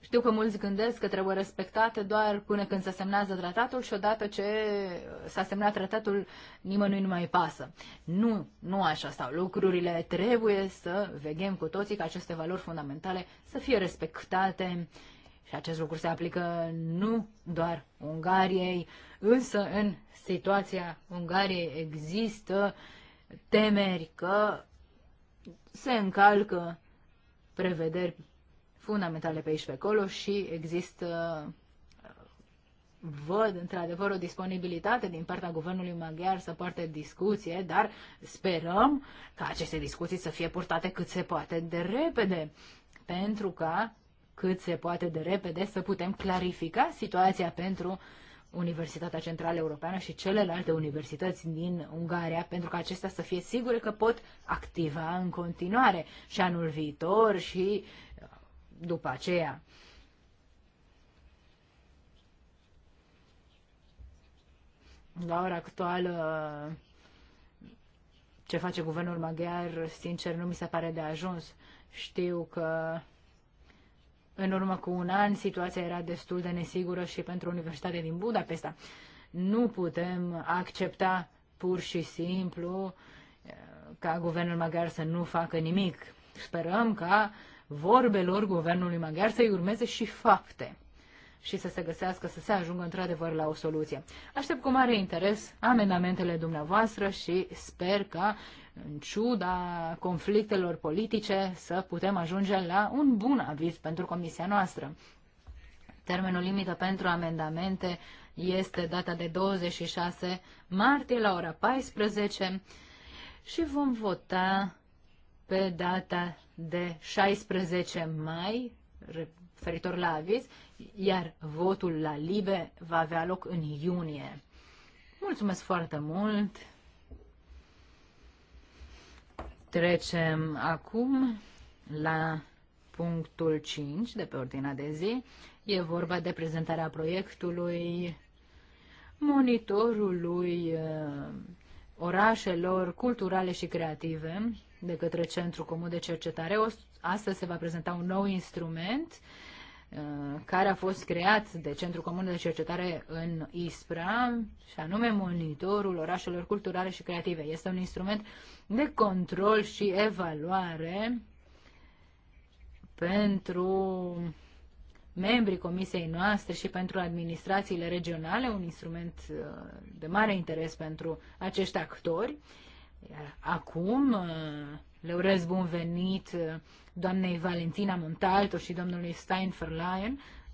Știu că mulți gândesc că trebuie respectate doar până când se semnează tratatul și odată ce s-a semnat tratatul, nimănui nu mai pasă. Nu, nu așa stau lucrurile. Trebuie să vegem cu toții că aceste valori fundamentale să fie respectate și acest lucru se aplică nu doar Ungariei, însă în situația Ungariei există temeri că se încalcă prevederi fundamentale pe aici pe acolo și există uh, văd într-adevăr o disponibilitate din partea guvernului maghiar să poarte discuție, dar sperăm ca aceste discuții să fie purtate cât se poate de repede, pentru ca cât se poate de repede să putem clarifica situația pentru Universitatea Centrală Europeană și celelalte universități din Ungaria, pentru că acestea să fie sigure că pot activa în continuare și anul viitor și după aceea. La ora actuală, ce face guvernul maghiar, sincer, nu mi se pare de ajuns. Știu că în urmă cu un an situația era destul de nesigură și pentru Universitatea din Budapesta. Nu putem accepta pur și simplu eh, ca guvernul maghiar să nu facă nimic. Sperăm ca uh, vorbelor guvernului maghiar să-i urmeze și fapte și să se găsească, să se ajungă într-adevăr la o soluție. Aștept cu mare interes amendamentele dumneavoastră și sper că, în ciuda conflictelor politice, să putem ajunge la un bun aviz pentru comisia noastră. Termenul limită pentru amendamente este data de 26 martie la ora 14 și vom vota pe data de 16 mai, referitor la aviz, iar votul la LIBE va avea loc în iunie. Mulțumesc foarte mult! Trecem acum la punctul 5 de pe ordinea de zi. E vorba de prezentarea proiectului monitorului uh, orașelor culturale și creative de către Centrul Comun de Cercetare. O, astăzi se va prezenta un nou instrument uh, care a fost creat de Centrul Comun de Cercetare în ISPRA, și anume Monitorul Orașelor Culturale și Creative. Este un instrument de control și evaluare pentru membrii comisiei noastre și pentru administrațiile regionale, un instrument uh, de mare interes pentru acești actori. Iar acum uh, le urez bun venit uh, doamnei Valentina Montalto și domnului Stein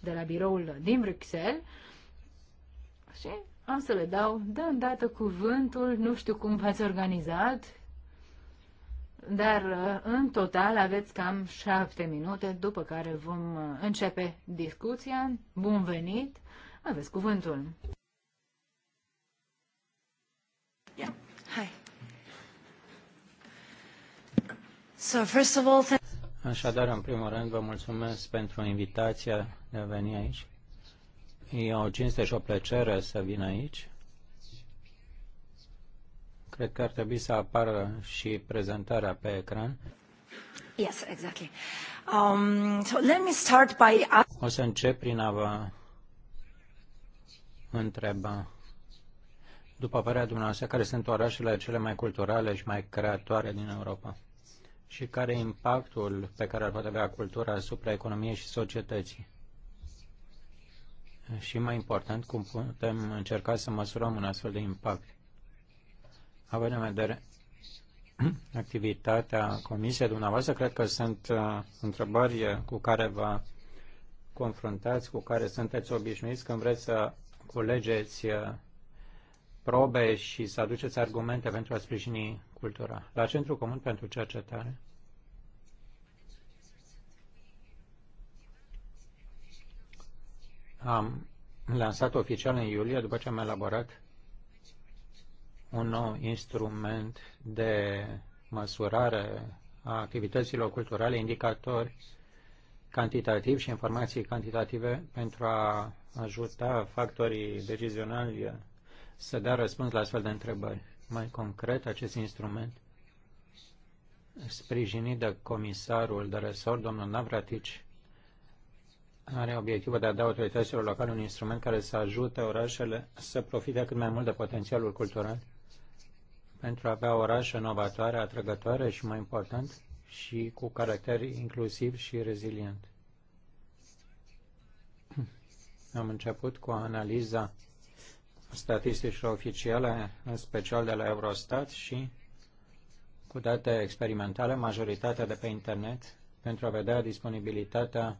de la biroul din Bruxelles și am să le dau de îndată cuvântul, nu știu cum v-ați organizat, dar uh, în total aveți cam șapte minute, după care vom începe discuția. Bun venit! Aveți cuvântul! Yeah. Hai! Așadar, în primul rând, vă mulțumesc pentru invitația de a veni aici. E o cinste și o plăcere să vin aici. Cred că ar trebui să apară și prezentarea pe ecran. Yes, exactly. Um, so let me start by... O să încep prin a vă întreba, după părerea dumneavoastră, care sunt orașele cele mai culturale și mai creatoare din Europa? și care e impactul pe care îl poate avea cultura asupra economiei și societății. Și mai important, cum putem încerca să măsurăm un astfel de impact. Având în vedere activitatea comisiei dumneavoastră, cred că sunt uh, întrebări cu care vă confruntați, cu care sunteți obișnuiți când vreți să culegeți uh, probe și să aduceți argumente pentru a sprijini cultura. La Centrul Comun pentru Cercetare am lansat oficial în iulie, după ce am elaborat un nou instrument de măsurare a activităților culturale, indicatori cantitativi și informații cantitative pentru a ajuta factorii decizionali să dea răspuns la astfel de întrebări mai concret acest instrument sprijinit de comisarul de resort, domnul Navratic, are obiectivul de a da autorităților locale un instrument care să ajute orașele să profite cât mai mult de potențialul cultural pentru a avea orașe inovatoare, atrăgătoare și, mai important, și cu caracter inclusiv și rezilient. Am început cu analiza statisticile oficiale, în special de la Eurostat și cu date experimentale, majoritatea de pe internet, pentru a vedea disponibilitatea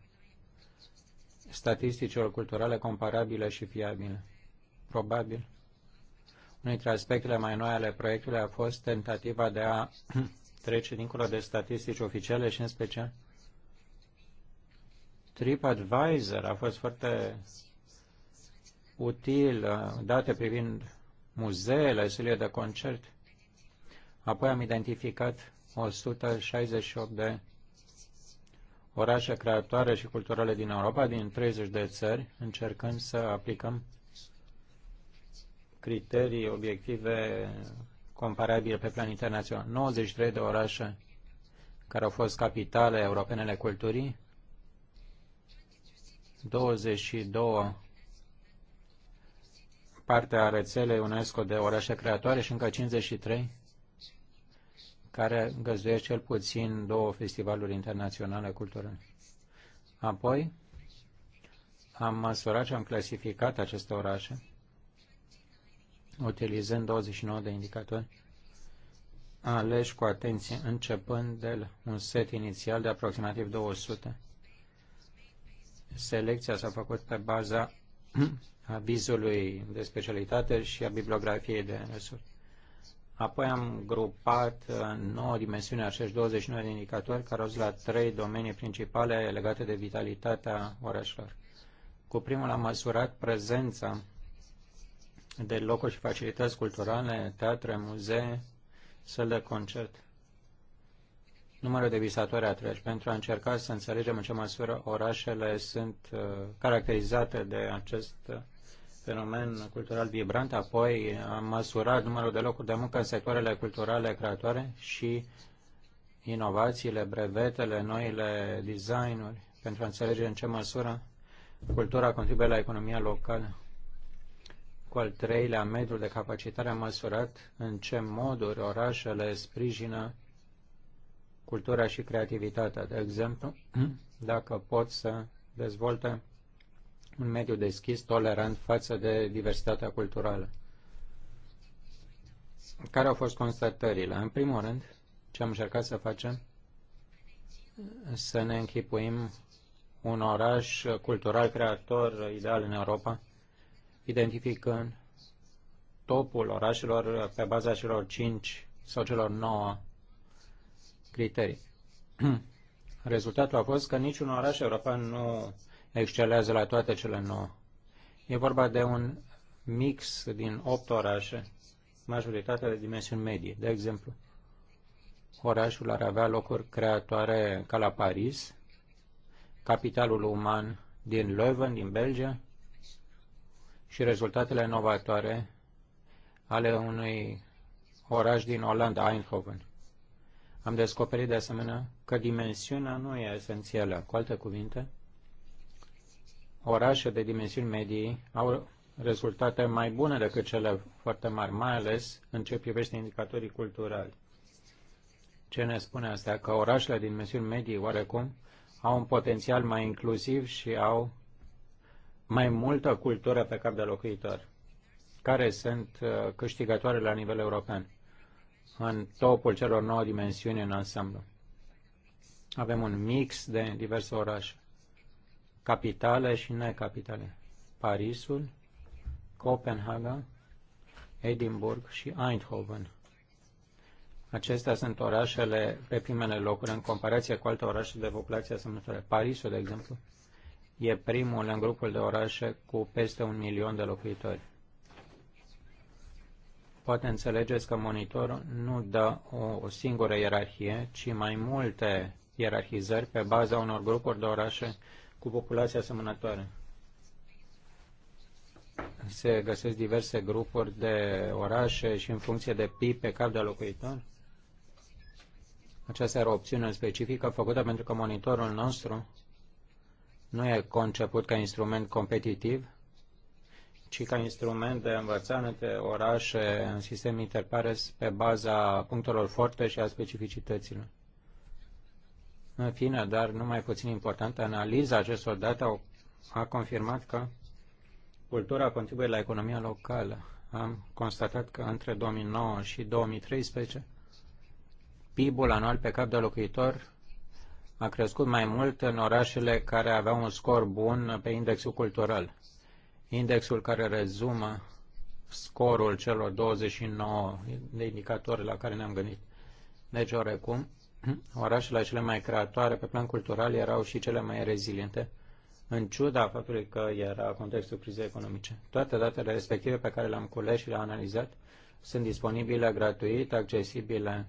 statisticilor culturale comparabile și fiabile. Probabil, unul dintre aspectele mai noi ale proiectului a fost tentativa de a trece dincolo de statistici oficiale și în special TripAdvisor a fost foarte util uh, date privind muzeele, zile de concert. Apoi am identificat 168 de orașe creatoare și culturale din Europa, din 30 de țări, încercând să aplicăm criterii obiective comparabile pe plan internațional. 93 de orașe care au fost capitale europenele culturii, 22 parte a rețelei UNESCO de orașe creatoare și încă 53 care găzduiesc cel puțin două festivaluri internaționale culturale. Apoi am măsurat și am clasificat aceste orașe utilizând 29 de indicatori aleși cu atenție începând de un set inițial de aproximativ 200. Selecția s-a făcut pe baza a vizului de specialitate și a bibliografiei de resurs. Apoi am grupat uh, nouă dimensiune dimensiuni acești 29 de indicatori care au la trei domenii principale legate de vitalitatea orașelor. Cu primul am măsurat prezența de locuri și facilități culturale, teatre, muzee, săl de concert. Numărul de visatori atrași pentru a încerca să înțelegem în ce măsură orașele sunt uh, caracterizate de acest uh, fenomen cultural vibrant, apoi am măsurat numărul de locuri de muncă în sectoarele culturale creatoare și inovațiile, brevetele, noile designuri, pentru a înțelege în ce măsură cultura contribuie la economia locală. Cu al treilea, mediul de capacitare a măsurat în ce moduri orașele sprijină cultura și creativitatea. De exemplu, dacă pot să dezvolte un mediu deschis, tolerant față de diversitatea culturală. Care au fost constatările? În primul rând, ce am încercat să facem? Să ne închipuim un oraș cultural creator ideal în Europa, identificând topul orașelor pe baza celor 5 sau celor 9 criterii. Rezultatul a fost că niciun oraș european nu excelează la toate cele nouă. E vorba de un mix din opt orașe, majoritatea de dimensiuni medii. De exemplu, orașul ar avea locuri creatoare ca la Paris, capitalul uman din Leuven, din Belgia, și rezultatele inovatoare ale unui oraș din Olanda, Eindhoven. Am descoperit de asemenea că dimensiunea nu e esențială. Cu alte cuvinte, orașe de dimensiuni medii au rezultate mai bune decât cele foarte mari, mai ales în ce privește indicatorii culturali. Ce ne spune asta? Că orașele din dimensiuni medii, oarecum, au un potențial mai inclusiv și au mai multă cultură pe cap de locuitor. Care sunt uh, câștigătoare la nivel european? În topul celor nouă dimensiuni în ansamblu. Avem un mix de diverse orașe capitale și necapitale. Parisul, Copenhaga, Edinburgh și Eindhoven. Acestea sunt orașele pe primele locuri în comparație cu alte orașe de populație asemănătoare. Parisul, de exemplu, e primul în grupul de orașe cu peste un milion de locuitori. Poate înțelegeți că monitorul nu dă o, o singură ierarhie, ci mai multe ierarhizări pe baza unor grupuri de orașe cu populația asemănătoare. Se găsesc diverse grupuri de orașe și în funcție de PIB pe cap de locuitor. Aceasta era o opțiune specifică făcută pentru că monitorul nostru nu e conceput ca instrument competitiv, ci ca instrument de învățare între orașe în sistem interpares pe baza punctelor forte și a specificităților. În fine, dar nu mai puțin important, analiza acestor date au, a confirmat că cultura contribuie la economia locală. Am constatat că între 2009 și 2013 PIB-ul anual pe cap de locuitor a crescut mai mult în orașele care aveau un scor bun pe indexul cultural. Indexul care rezumă scorul celor 29 de indicatori la care ne-am gândit. Deci, orecum, orașele cele mai creatoare pe plan cultural erau și cele mai reziliente, în ciuda faptului că era contextul crizei economice. Toate datele respective pe care le-am cules și le-am analizat sunt disponibile gratuit, accesibile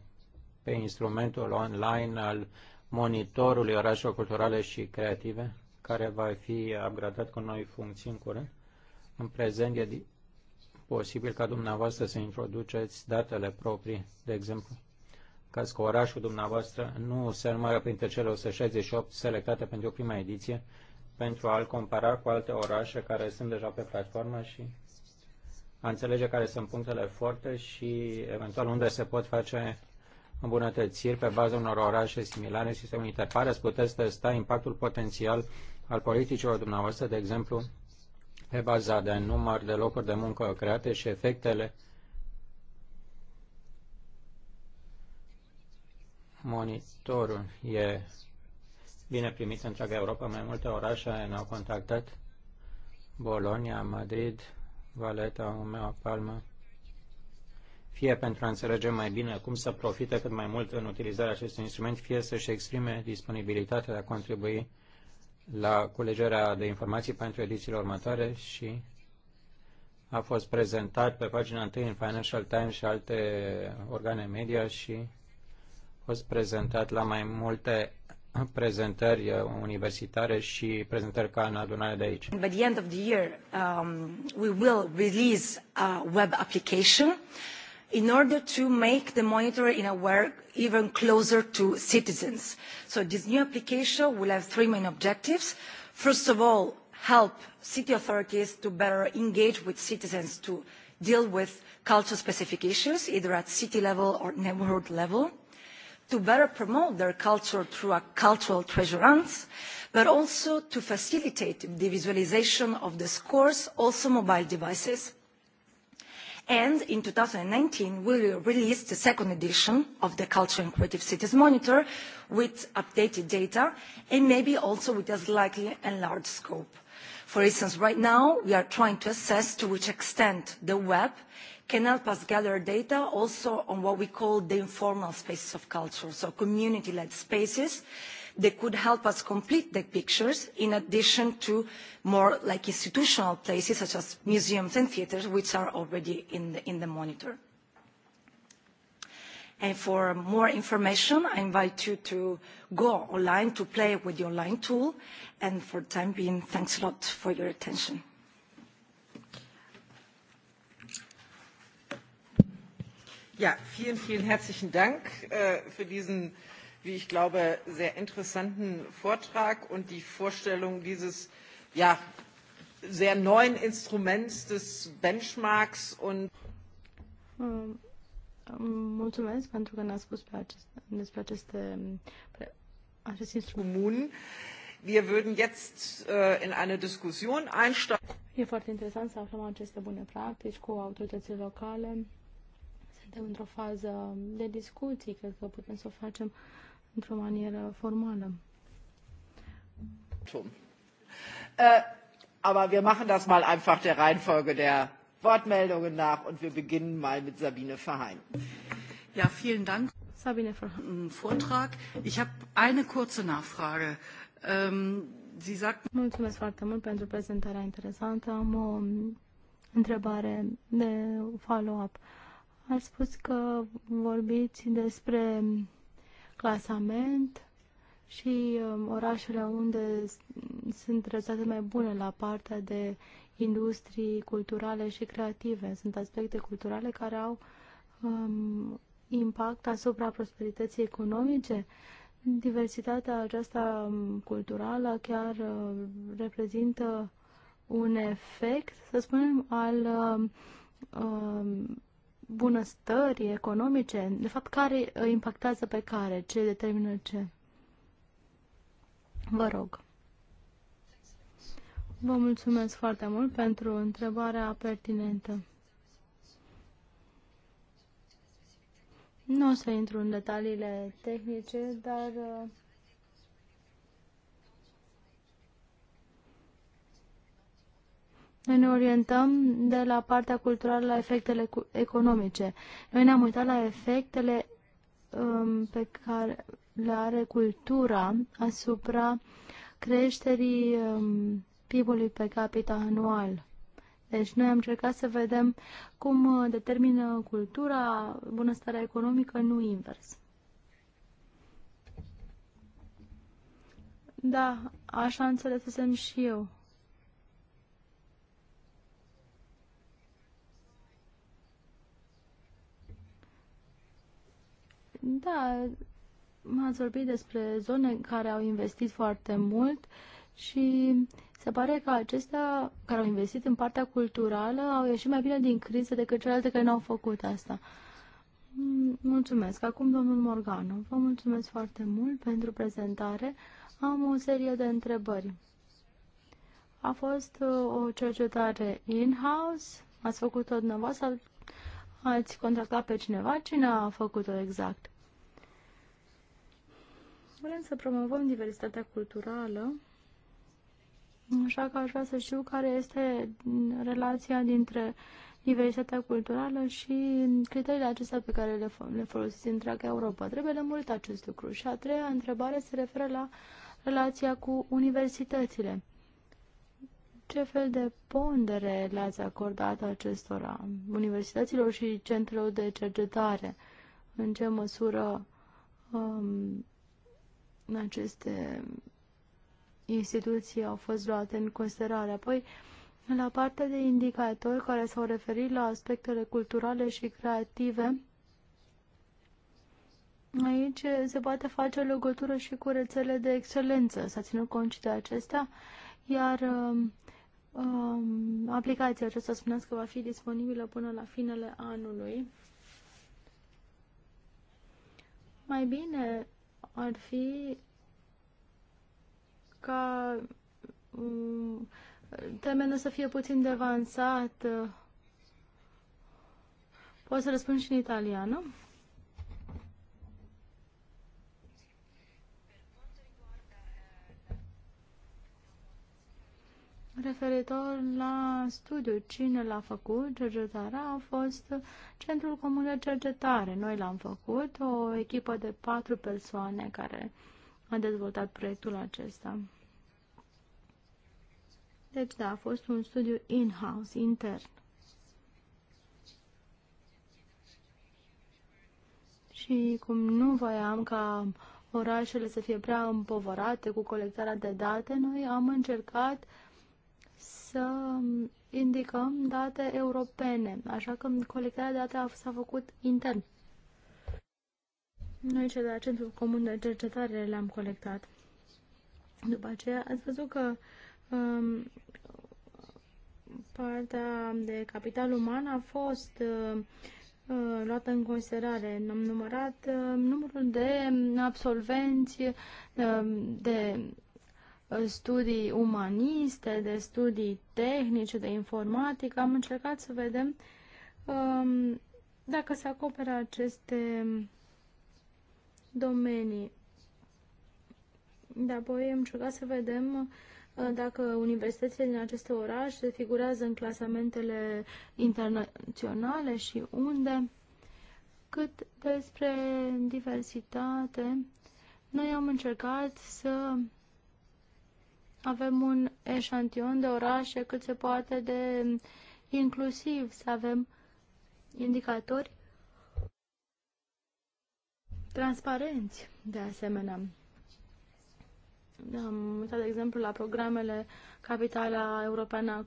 pe instrumentul online al monitorului orașelor culturale și creative, care va fi upgradat cu noi funcții în curând. În prezent e posibil ca dumneavoastră să introduceți datele proprii, de exemplu, caz că orașul dumneavoastră nu se numără printre cele 168 selectate pentru prima ediție, pentru a-l compara cu alte orașe care sunt deja pe platformă și a înțelege care sunt punctele forte și eventual unde se pot face îmbunătățiri pe baza unor orașe similare în sistemul să Puteți testa impactul potențial al politicilor dumneavoastră, de exemplu, pe baza de număr de locuri de muncă create și efectele monitorul e bine primit în întreaga Europa. Mai multe orașe ne-au contactat. Bologna, Madrid, Valeta, Umea, Palma. Fie pentru a înțelege mai bine cum să profite cât mai mult în utilizarea acestui instrument, fie să-și exprime disponibilitatea de a contribui la culegerea de informații pentru edițiile următoare și a fost prezentat pe pagina 1 în Financial Times și alte organe media și fost prezentat la mai multe prezentări uh, universitare și prezentări ca în adunare de aici. By the end of the year, um, we will release a web application in order to make the monitor in a work even closer to citizens. So this new application will have three main objectives. First of all, help city authorities to better engage with citizens to deal with culture-specific issues, either at city level or neighborhood level to better promote their culture through a cultural treasure hunt, but also to facilitate the visualization of the scores, also mobile devices. And in 2019, we will release the second edition of the Culture and Creative Cities Monitor with updated data and maybe also with a slightly enlarged scope. For instance, right now, we are trying to assess to which extent the web can help us gather data also on what we call the informal spaces of culture, so community-led spaces that could help us complete the pictures in addition to more like institutional places such as museums and theatres which are already in the, in the monitor. And for more information, I invite you to go online to play with the online tool. And for the time being, thanks a lot for your attention. Ja, vielen, vielen herzlichen Dank äh, für diesen, wie ich glaube, sehr interessanten Vortrag und die Vorstellung dieses ja, sehr neuen Instruments des Benchmarks und ähm, Mulțumesc pentru că ne-a spus pe acest, despre aceste, aceste instrumente. Wir würden jetzt uh, in eine Diskussion einsteigen. E foarte interesant să aflăm aceste bune practici cu autoritățile locale suntem într-o fază de discuții. Cred că putem să o facem într-o manieră formală. Uh, aber wir machen das mal einfach der Reihenfolge der Wortmeldungen nach und wir beginnen mal mit Sabine Verheyen. Ja, vielen Dank. Sabine Verheyen. Vortrag. Ich habe eine kurze Nachfrage. Ähm, Sie sagten... Mulțumesc foarte mult pentru prezentarea interesantă. Am o întrebare de follow-up. Uh, a spus că vorbiți despre clasament și um, orașele unde sunt rezultate mai bune la partea de industrii culturale și creative. Sunt aspecte culturale care au um, impact asupra prosperității economice. Diversitatea aceasta um, culturală chiar uh, reprezintă un efect, să spunem, al um, um bunăstării economice, de fapt, care uh, impactează pe care, ce determină ce. Vă rog. Vă mulțumesc foarte mult pentru întrebarea pertinentă. Nu o să intru în detaliile tehnice, dar uh, Noi ne orientăm de la partea culturală la efectele economice. Noi ne-am uitat la efectele um, pe care le are cultura asupra creșterii um, PIB-ului pe capita anual. Deci noi am încercat să vedem cum uh, determină cultura bunăstarea economică, nu invers. Da, așa înțelesesem și eu. Da, m-ați vorbit despre zone care au investit foarte mult și se pare că acestea care au investit în partea culturală au ieșit mai bine din criză decât celelalte care n-au făcut asta. Mm, mulțumesc. Acum, domnul Morganu, vă mulțumesc foarte mult pentru prezentare. Am o serie de întrebări. A fost uh, o cercetare in-house? Ați făcut-o dumneavoastră? Ați contractat pe cineva? Cine a făcut-o exact? Vrem să promovăm diversitatea culturală, așa că aș vrea să știu care este relația dintre diversitatea culturală și criteriile acestea pe care le, le folosiți întreaga Europa. Trebuie mult acest lucru. Și a treia întrebare se referă la relația cu universitățile. Ce fel de pondere le-ați acordat acestora, universităților și centrelor de cercetare? În ce măsură um, aceste instituții au fost luate în considerare. Apoi, la partea de indicatori care s-au referit la aspectele culturale și creative, aici se poate face o legătură și cu rețele de excelență. S-a ținut cont de acestea, iar um, um aplicația aceasta spunea că va fi disponibilă până la finele anului. Mai bine ar fi ca um, termenul să fie puțin devansat. Poți să răspund și în italiană? referitor la studiu, cine l-a făcut, cercetarea a fost Centrul Comun de Cercetare. Noi l-am făcut, o echipă de patru persoane care a dezvoltat proiectul acesta. Deci, da, a fost un studiu in-house, intern. Și cum nu voiam ca orașele să fie prea împovărate cu colectarea de date, noi am încercat uh, să indicăm date europene, așa că colectarea de date s-a făcut intern. Noi ce de la Centrul Comun de Cercetare le-am colectat. După aceea ați văzut că um, partea de capital uman a fost uh, uh luată în considerare. Am numărat uh, numărul de absolvenți, uh, de studii umaniste, de studii tehnice, de informatică. Am încercat să vedem um, dacă se acoperă aceste domenii. De apoi am încercat să vedem uh, dacă universitățile din aceste orașe figurează în clasamentele internaționale și unde, cât despre diversitate. Noi am încercat să avem un eșantion de orașe cât se poate de inclusiv, să avem indicatori transparenți, de asemenea. Am uitat, de exemplu, la programele Capitala Europeană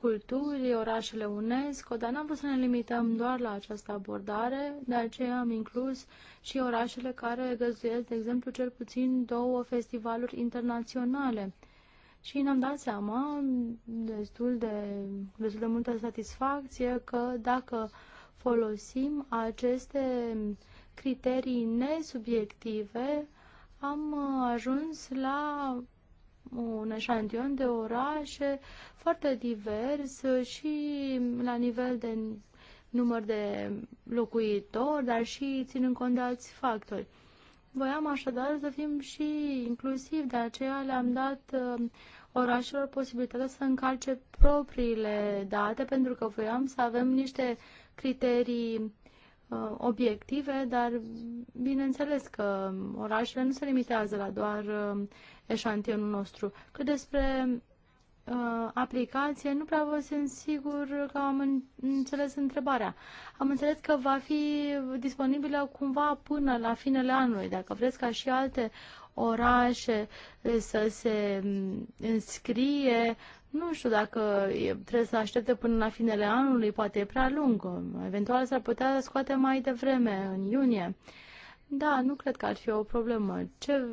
culturii, orașele UNESCO, dar n-am vrut să ne limităm doar la această abordare, de aceea am inclus și orașele care găzduiesc, de exemplu, cel puțin două festivaluri internaționale. Și ne-am dat seama destul de, destul de multă satisfacție că dacă folosim aceste criterii nesubiective, am ajuns la un eșantion de orașe foarte divers și la nivel de număr de locuitori, dar și ținând cont de alți factori. Voiam așadar să fim și inclusiv, de aceea le-am dat uh, orașelor posibilitatea să încalce propriile date, pentru că voiam să avem niște criterii uh, obiective, dar bineînțeles că orașele nu se limitează la doar uh, eșantionul nostru. Cât despre uh, aplicație, nu prea vă sunt sigur că am înțeles întrebarea. Am înțeles că va fi disponibilă cumva până la finele anului. Dacă vreți ca și alte orașe eh, să se mm, înscrie, nu știu dacă trebuie să aștepte până la finele anului, poate e prea lung. Eventual s-ar putea scoate mai devreme, în iunie. Da, nu cred că ar fi o problemă. Ce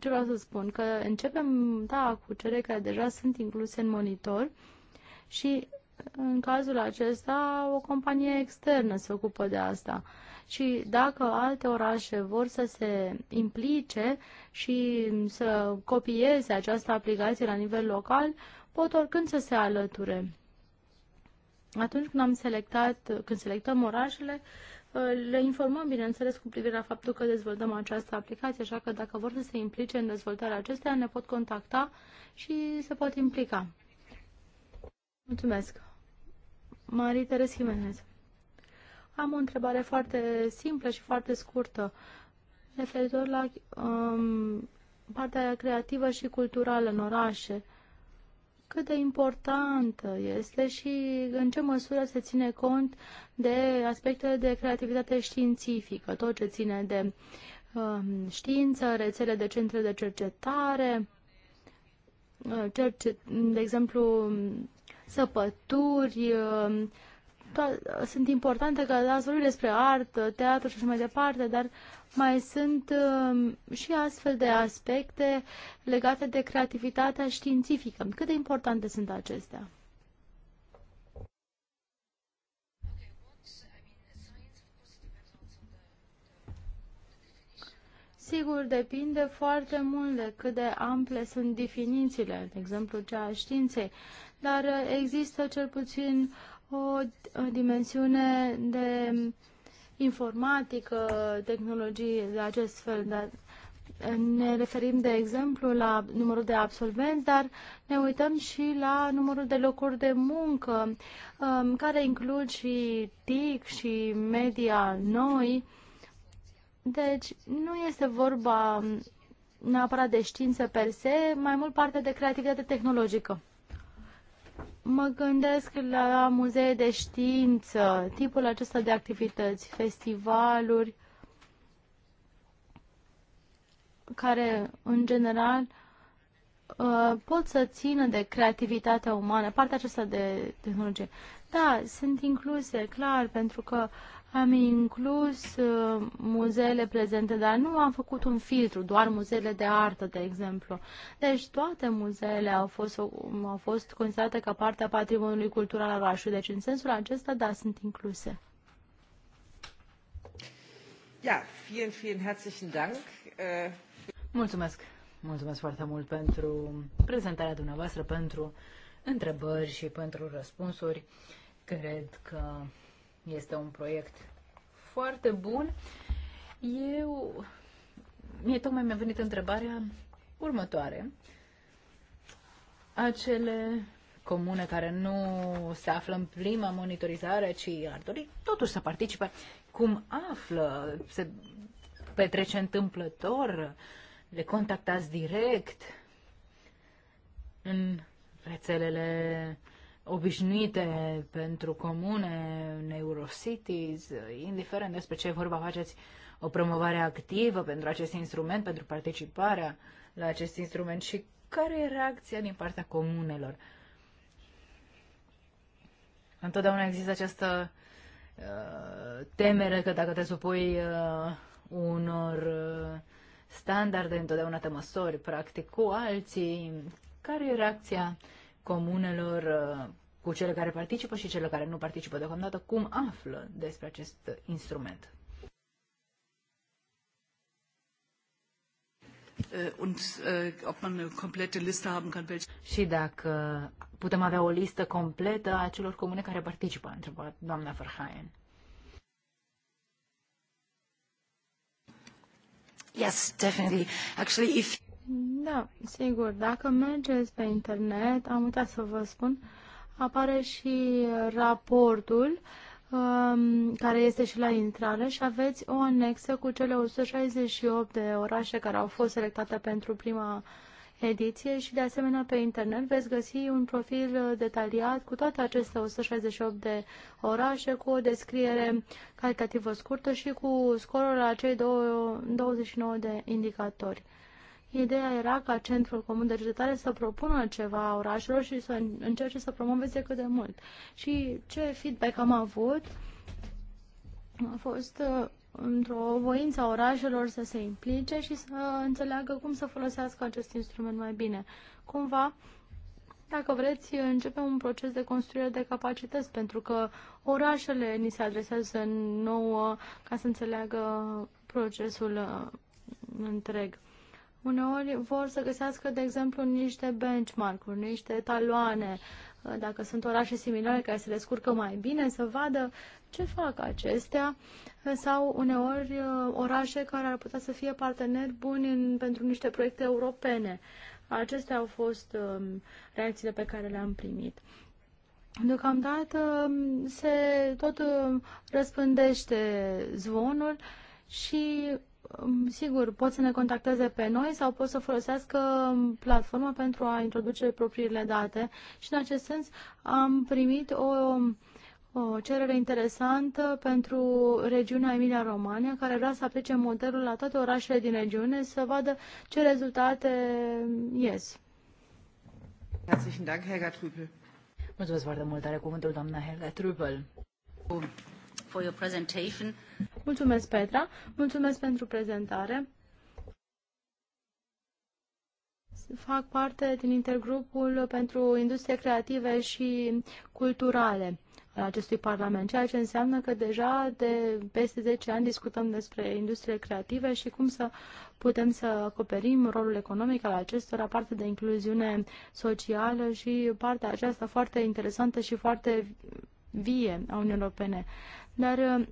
ce vreau să spun? Că începem, da, cu cele care deja sunt incluse în monitor și în cazul acesta o companie externă se ocupă de asta. Și dacă alte orașe vor să se implice și să copieze această aplicație la nivel local, pot oricând să se alăture. Atunci când am selectat, când selectăm orașele, le informăm, bineînțeles, cu privire la faptul că dezvoltăm această aplicație, așa că dacă vor să se implice în dezvoltarea acesteia, ne pot contacta și se pot implica. Mulțumesc. Marie Teres Jimenez. Am o întrebare foarte simplă și foarte scurtă referitor la um, partea creativă și culturală în orașe. Uh, cât de importantă este și în ce măsură se ține cont de aspectele de creativitate științifică, tot ce ține de um, știință, rețele de centre de cercetare, uh, de exemplu, săpături, um, sunt importante că ați vorbit despre artă, teatru și așa mai departe, dar mai sunt um, și astfel de aspecte legate de creativitatea științifică. Cât de importante sunt acestea? Sigur, depinde foarte mult de cât de ample sunt definițiile, de exemplu cea a științei, dar uh, există cel puțin o dimensiune de informatică, tehnologii de acest fel. Dar ne referim, de exemplu, la numărul de absolvenți, dar ne uităm și la numărul de locuri de muncă, um, care includ și TIC și media noi. Deci nu este vorba neapărat de știință per se, mai mult parte de creativitate tehnologică. Mă gândesc la muzee de știință, tipul acesta de activități, festivaluri, care, în general, uh, pot să țină de creativitatea umană, partea aceasta de tehnologie. Da, sunt incluse, clar, pentru că uh, am inclus uh, muzeele prezente, dar nu am făcut un filtru, doar muzeele de artă, de exemplu. Deci toate muzeele au fost, au fost considerate ca parte a patrimoniului cultural al orașului. Deci în sensul acesta, da, sunt incluse. Ja, vielen, vielen herzlichen Dank. Uh... Mulțumesc. Mulțumesc foarte mult pentru prezentarea dumneavoastră, pentru întrebări și pentru răspunsuri. Cred că este un proiect foarte bun. Eu, mie tocmai mi-a venit întrebarea următoare. Acele comune care nu se află în prima monitorizare, ci ar dori totuși să participe, cum află, se petrece întâmplător, le contactați direct în rețelele obișnuite pentru comune, neurocities, indiferent despre ce vorba faceți, o promovare activă pentru acest instrument, pentru participarea la acest instrument și care e reacția din partea comunelor. Întotdeauna există această uh, temere că dacă te supui uh, unor uh, standarde, întotdeauna te măsori practic cu alții. Care e reacția comunelor cu cele care participă și cele care nu participă deocamdată, cum află despre acest instrument. Äh, und äh, ob man eine haben kann, welche. Și dacă putem avea o listă completă a celor comune care participă, a întrebat doamna Verheyen. Yes, definitely. Actually, if... Da, sigur. Dacă mergeți pe internet, am uitat să vă spun, apare și uh, raportul um, care este și la intrare și aveți o anexă cu cele 168 de orașe care au fost selectate pentru prima ediție și de asemenea pe internet veți găsi un profil uh, detaliat cu toate aceste 168 de orașe, cu o descriere calitativă scurtă și cu scorul la cei 29 de indicatori. Ideea era ca Centrul Comun de Cercetare să propună ceva orașelor și să încerce să promoveze cât de mult. Și ce feedback am avut a fost uh, într-o voință a orașelor să se implice și să înțeleagă cum să folosească acest instrument mai bine. Cumva, dacă vreți, începem un proces de construire de capacități, pentru că orașele ni se adresează nouă ca să înțeleagă procesul uh, întreg. Uneori vor să găsească, de exemplu, niște benchmark-uri, niște taloane, dacă sunt orașe similare care se descurcă mai bine, să vadă ce fac acestea sau uneori uh, orașe care ar putea să fie parteneri buni în, pentru niște proiecte europene. Acestea au fost um, reacțiile pe care le-am primit. Deocamdată um, se tot um, răspândește zvonul și sigur, pot să ne contacteze pe noi sau pot să folosească platforma pentru a introduce propriile date. Și în acest sens am primit o, o cerere interesantă pentru regiunea Emilia-Romania, care vrea să aplice modelul la toate orașele din regiune, să vadă ce rezultate ies. Herzlichen Dank, Helga Mulțumesc foarte mult, are cuvântul doamna Helga Trüpel. For your presentation. Mulțumesc, Petra. Mulțumesc pentru prezentare. Fac parte din intergrupul pentru industrie creative și culturale al acestui Parlament, ceea ce înseamnă că deja de peste 10 ani discutăm despre industrie creative și cum să putem să acoperim rolul economic al acestora, parte de incluziune socială și partea aceasta foarte interesantă și foarte vie a Uniunii Europene. Dar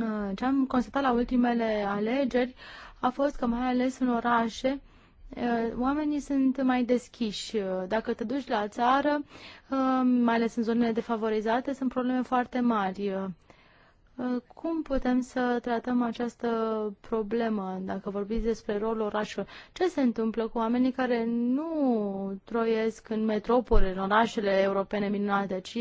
Uh, ce am constatat la ultimele alegeri a fost că mai ales în orașe uh, oamenii sunt mai deschiși. Dacă te duci la țară, uh, mai ales în zonele defavorizate, sunt probleme foarte mari. Uh, cum putem să tratăm această problemă, dacă vorbiți despre rolul orașului? Ce se întâmplă cu oamenii care nu trăiesc în metropole, în orașele europene minunate, ci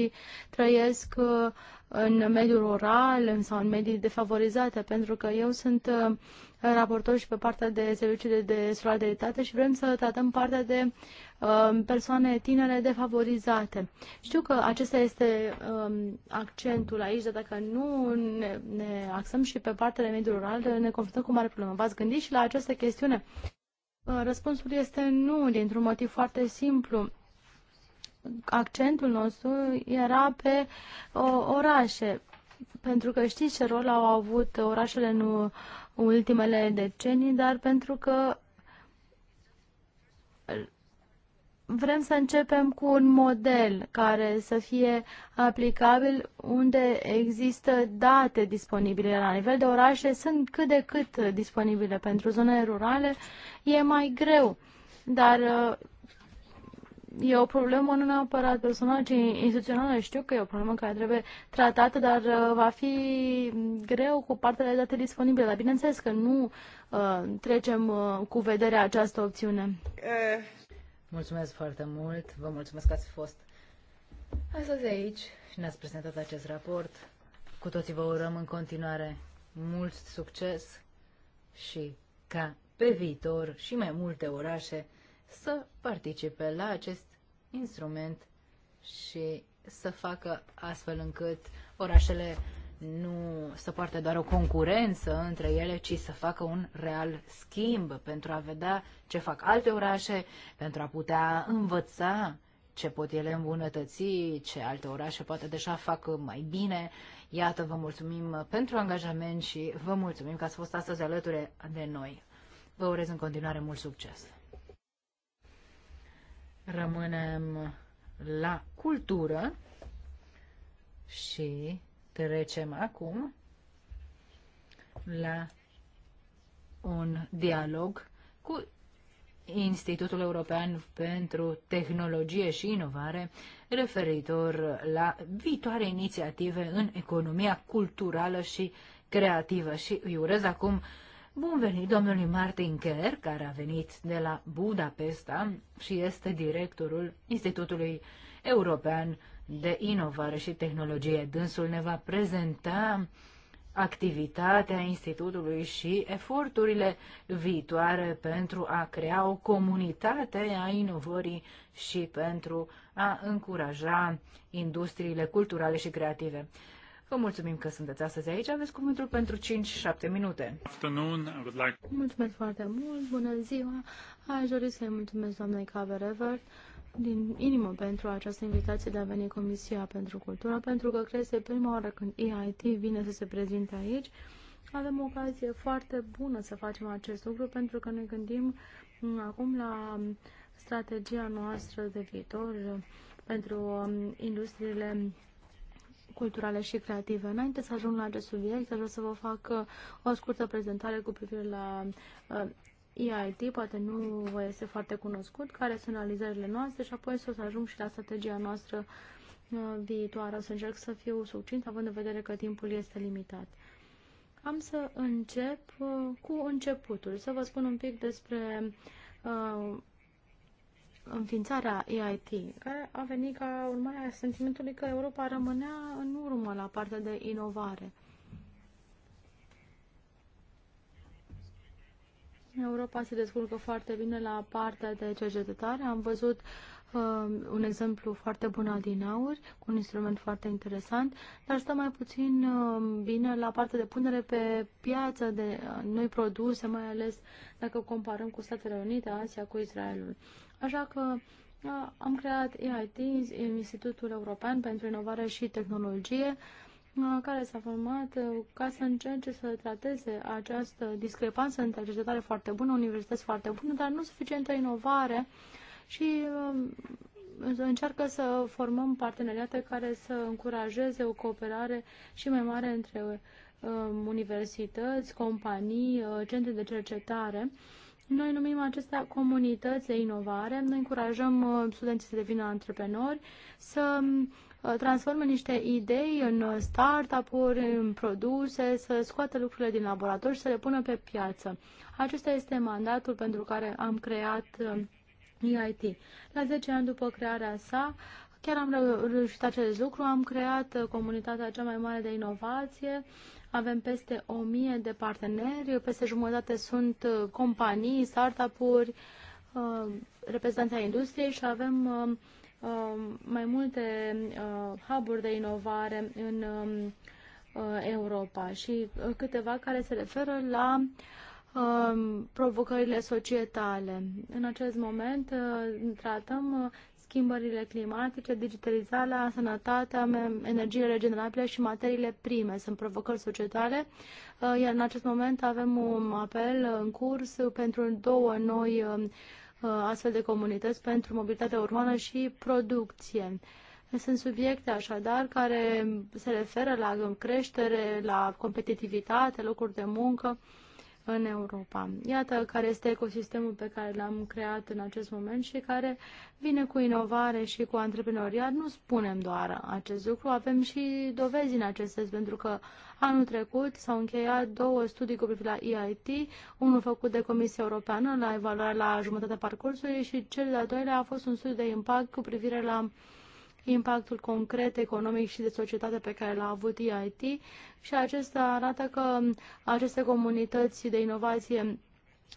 trăiesc uh, în mediul rural sau în medii defavorizate? Pentru că eu sunt uh, raportor și pe partea de serviciile de solidaritate și vrem să tratăm partea de um, persoane tinere defavorizate. Știu că acesta este um, accentul aici, dar dacă nu ne, ne axăm și pe partea de mediul rural, ne confruntăm cu mare problemă. V-ați gândit și la această chestiune? Uh, răspunsul este nu, dintr-un motiv foarte simplu accentul nostru era pe o, uh, orașe, pentru că știți ce rol au avut orașele în ultimele decenii, dar pentru că vrem să începem cu un model care să fie aplicabil unde există date disponibile la nivel de orașe, sunt cât de cât disponibile pentru zone rurale, e mai greu. Dar e o problemă nu neapărat personală, ci instituțională. Știu că e o problemă care trebuie tratată, dar uh, va fi greu cu partea de date disponibile. Dar bineînțeles că nu uh, trecem uh, cu vederea această opțiune. Mulțumesc foarte mult. Vă mulțumesc că ați fost astăzi aici și ne-ați prezentat acest raport. Cu toții vă urăm în continuare mult succes și ca pe viitor și mai multe orașe să participe la acest instrument și să facă astfel încât orașele nu să poarte doar o concurență între ele, ci să facă un real schimb pentru a vedea ce fac alte orașe, pentru a putea învăța ce pot ele îmbunătăți, ce alte orașe poate deja fac mai bine. Iată, vă mulțumim pentru angajament și vă mulțumim că ați fost astăzi alături de noi. Vă urez în continuare mult succes! rămânem la cultură și trecem acum la un dialog cu Institutul European pentru Tehnologie și Inovare referitor la viitoare inițiative în economia culturală și creativă. Și îi urez acum uh, Bun venit domnului Martin Kerr, care a venit de la Budapesta și este directorul Institutului European de Inovare și Tehnologie. Dânsul ne va prezenta activitatea Institutului și eforturile viitoare pentru a crea o comunitate a inovării și pentru a încuraja industriile culturale și creative. Vă mulțumim că sunteți astăzi aici. Aveți cuvântul pentru 5-7 minute. Mulțumesc foarte mult. Bună ziua. Aș dori să-i mulțumesc doamnei Caverever din inimă pentru această invitație de a veni Comisia pentru Cultura, pentru că cred că prima oară când EIT vine să se prezinte aici. Avem o ocazie foarte bună să facem acest lucru pentru că ne gândim acum la strategia noastră de viitor pentru um, industriile culturale și creative. Înainte să ajung la acest subiect, aș vrea să vă fac uh, o scurtă prezentare cu privire la uh, EIT, poate nu vă este foarte cunoscut, care sunt realizările noastre și apoi să ajung și la strategia noastră uh, viitoare. O să încerc să fiu succint, având în vedere că timpul este limitat. Am să încep cu începutul, să vă spun un pic despre înființarea EIT, care a venit ca urmare a sentimentului că Europa rămânea în urmă la partea de inovare. Europa se descurcă foarte bine la partea de cercetare. Am văzut Um, un exemplu foarte bun al aur, cu un instrument foarte interesant, dar stă mai puțin um, bine la partea de punere pe piață de uh, noi produse, mai ales dacă comparăm cu Statele Unite, Asia, cu Israelul. Așa că uh, am creat EIT, Institutul European pentru Inovare și Tehnologie, uh, care s-a format ca să încerce să trateze această discrepanță între cercetare foarte bună, universități foarte bune, dar nu suficientă inovare uh, și um, încearcă să formăm parteneriate care să încurajeze o cooperare și mai mare între um, universități, companii, uh, centre de cercetare. Noi numim acestea comunități de inovare. Noi încurajăm uh, studenții să devină antreprenori, să uh, transforme niște idei în startup-uri, în produse, să scoată lucrurile din laborator și să le pună pe piață. Acesta este mandatul pentru care am creat EIT. La 10 ani după crearea sa, chiar am reușit acest lucru, am creat uh, comunitatea cea mai mare de inovație, avem peste 1000 de parteneri, peste jumătate sunt uh, companii, startup-uri, uh, reprezentanții ai industriei și avem mai multe hub-uri de inovare în um, Europa și câteva care se referă la uh, Um, provocările societale. În acest moment uh, tratăm uh, schimbările climatice, digitalizarea, sănătatea, energiile regenerabile și materiile prime. Sunt provocări societale, uh, iar în acest moment avem un apel în curs pentru două noi um, astfel de comunități pentru mobilitatea urbană și producție. Sunt subiecte așadar care se referă la creștere, la competitivitate, locuri de muncă, în Europa. Iată care este ecosistemul pe care l-am creat în acest moment și care vine cu inovare și cu antreprenoriat. Nu spunem doar acest lucru, avem și dovezi în acest sens, pentru că anul trecut s-au încheiat două studii cu privire la EIT, unul făcut de Comisia Europeană la evaluarea la jumătatea parcursului și cel de-al doilea a fost un studiu de impact cu privire la uh, impactul concret economic și de societate pe care l-a avut EIT și acesta arată că aceste comunități de inovație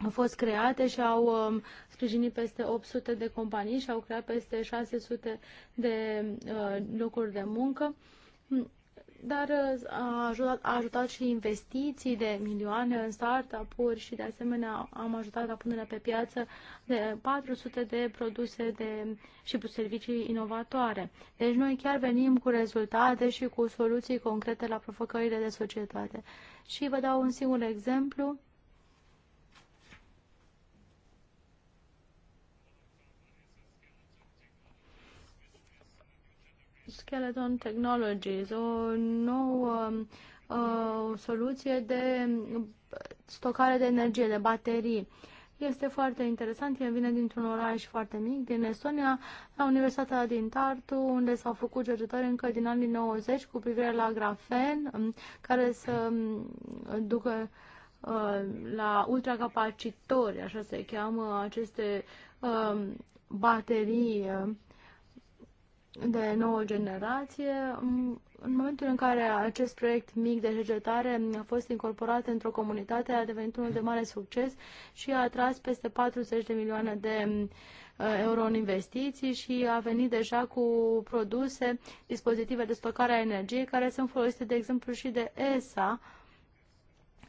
au fost create și au um, sprijinit peste 800 de companii și au creat peste 600 de uh, locuri de muncă dar uh, a ajutat, a ajutat și investiții de milioane în startup-uri și de asemenea am ajutat la punerea pe piață de 400 de produse de, și servicii inovatoare. Deci noi chiar venim cu rezultate și cu soluții concrete la provocările de societate. Și vă dau un singur exemplu Skeleton Technologies, o nouă uh, o soluție de stocare de energie, de baterii. Este foarte interesant, el vine dintr-un oraș foarte mic, din Estonia, la Universitatea din Tartu, unde s-au făcut cercetări încă din anii 90 cu privire la grafen, um, care să um, ducă uh, la ultracapacitori, așa se cheamă, aceste um, baterii uh, de nouă generație. Mm, în momentul în care acest proiect mic de cercetare a fost incorporat într-o comunitate, a devenit unul de mare succes și a atras peste 40 de milioane de mm, uh, euro în investiții și a venit deja cu produse, dispozitive de stocare a energiei, care sunt folosite, de exemplu, și de ESA,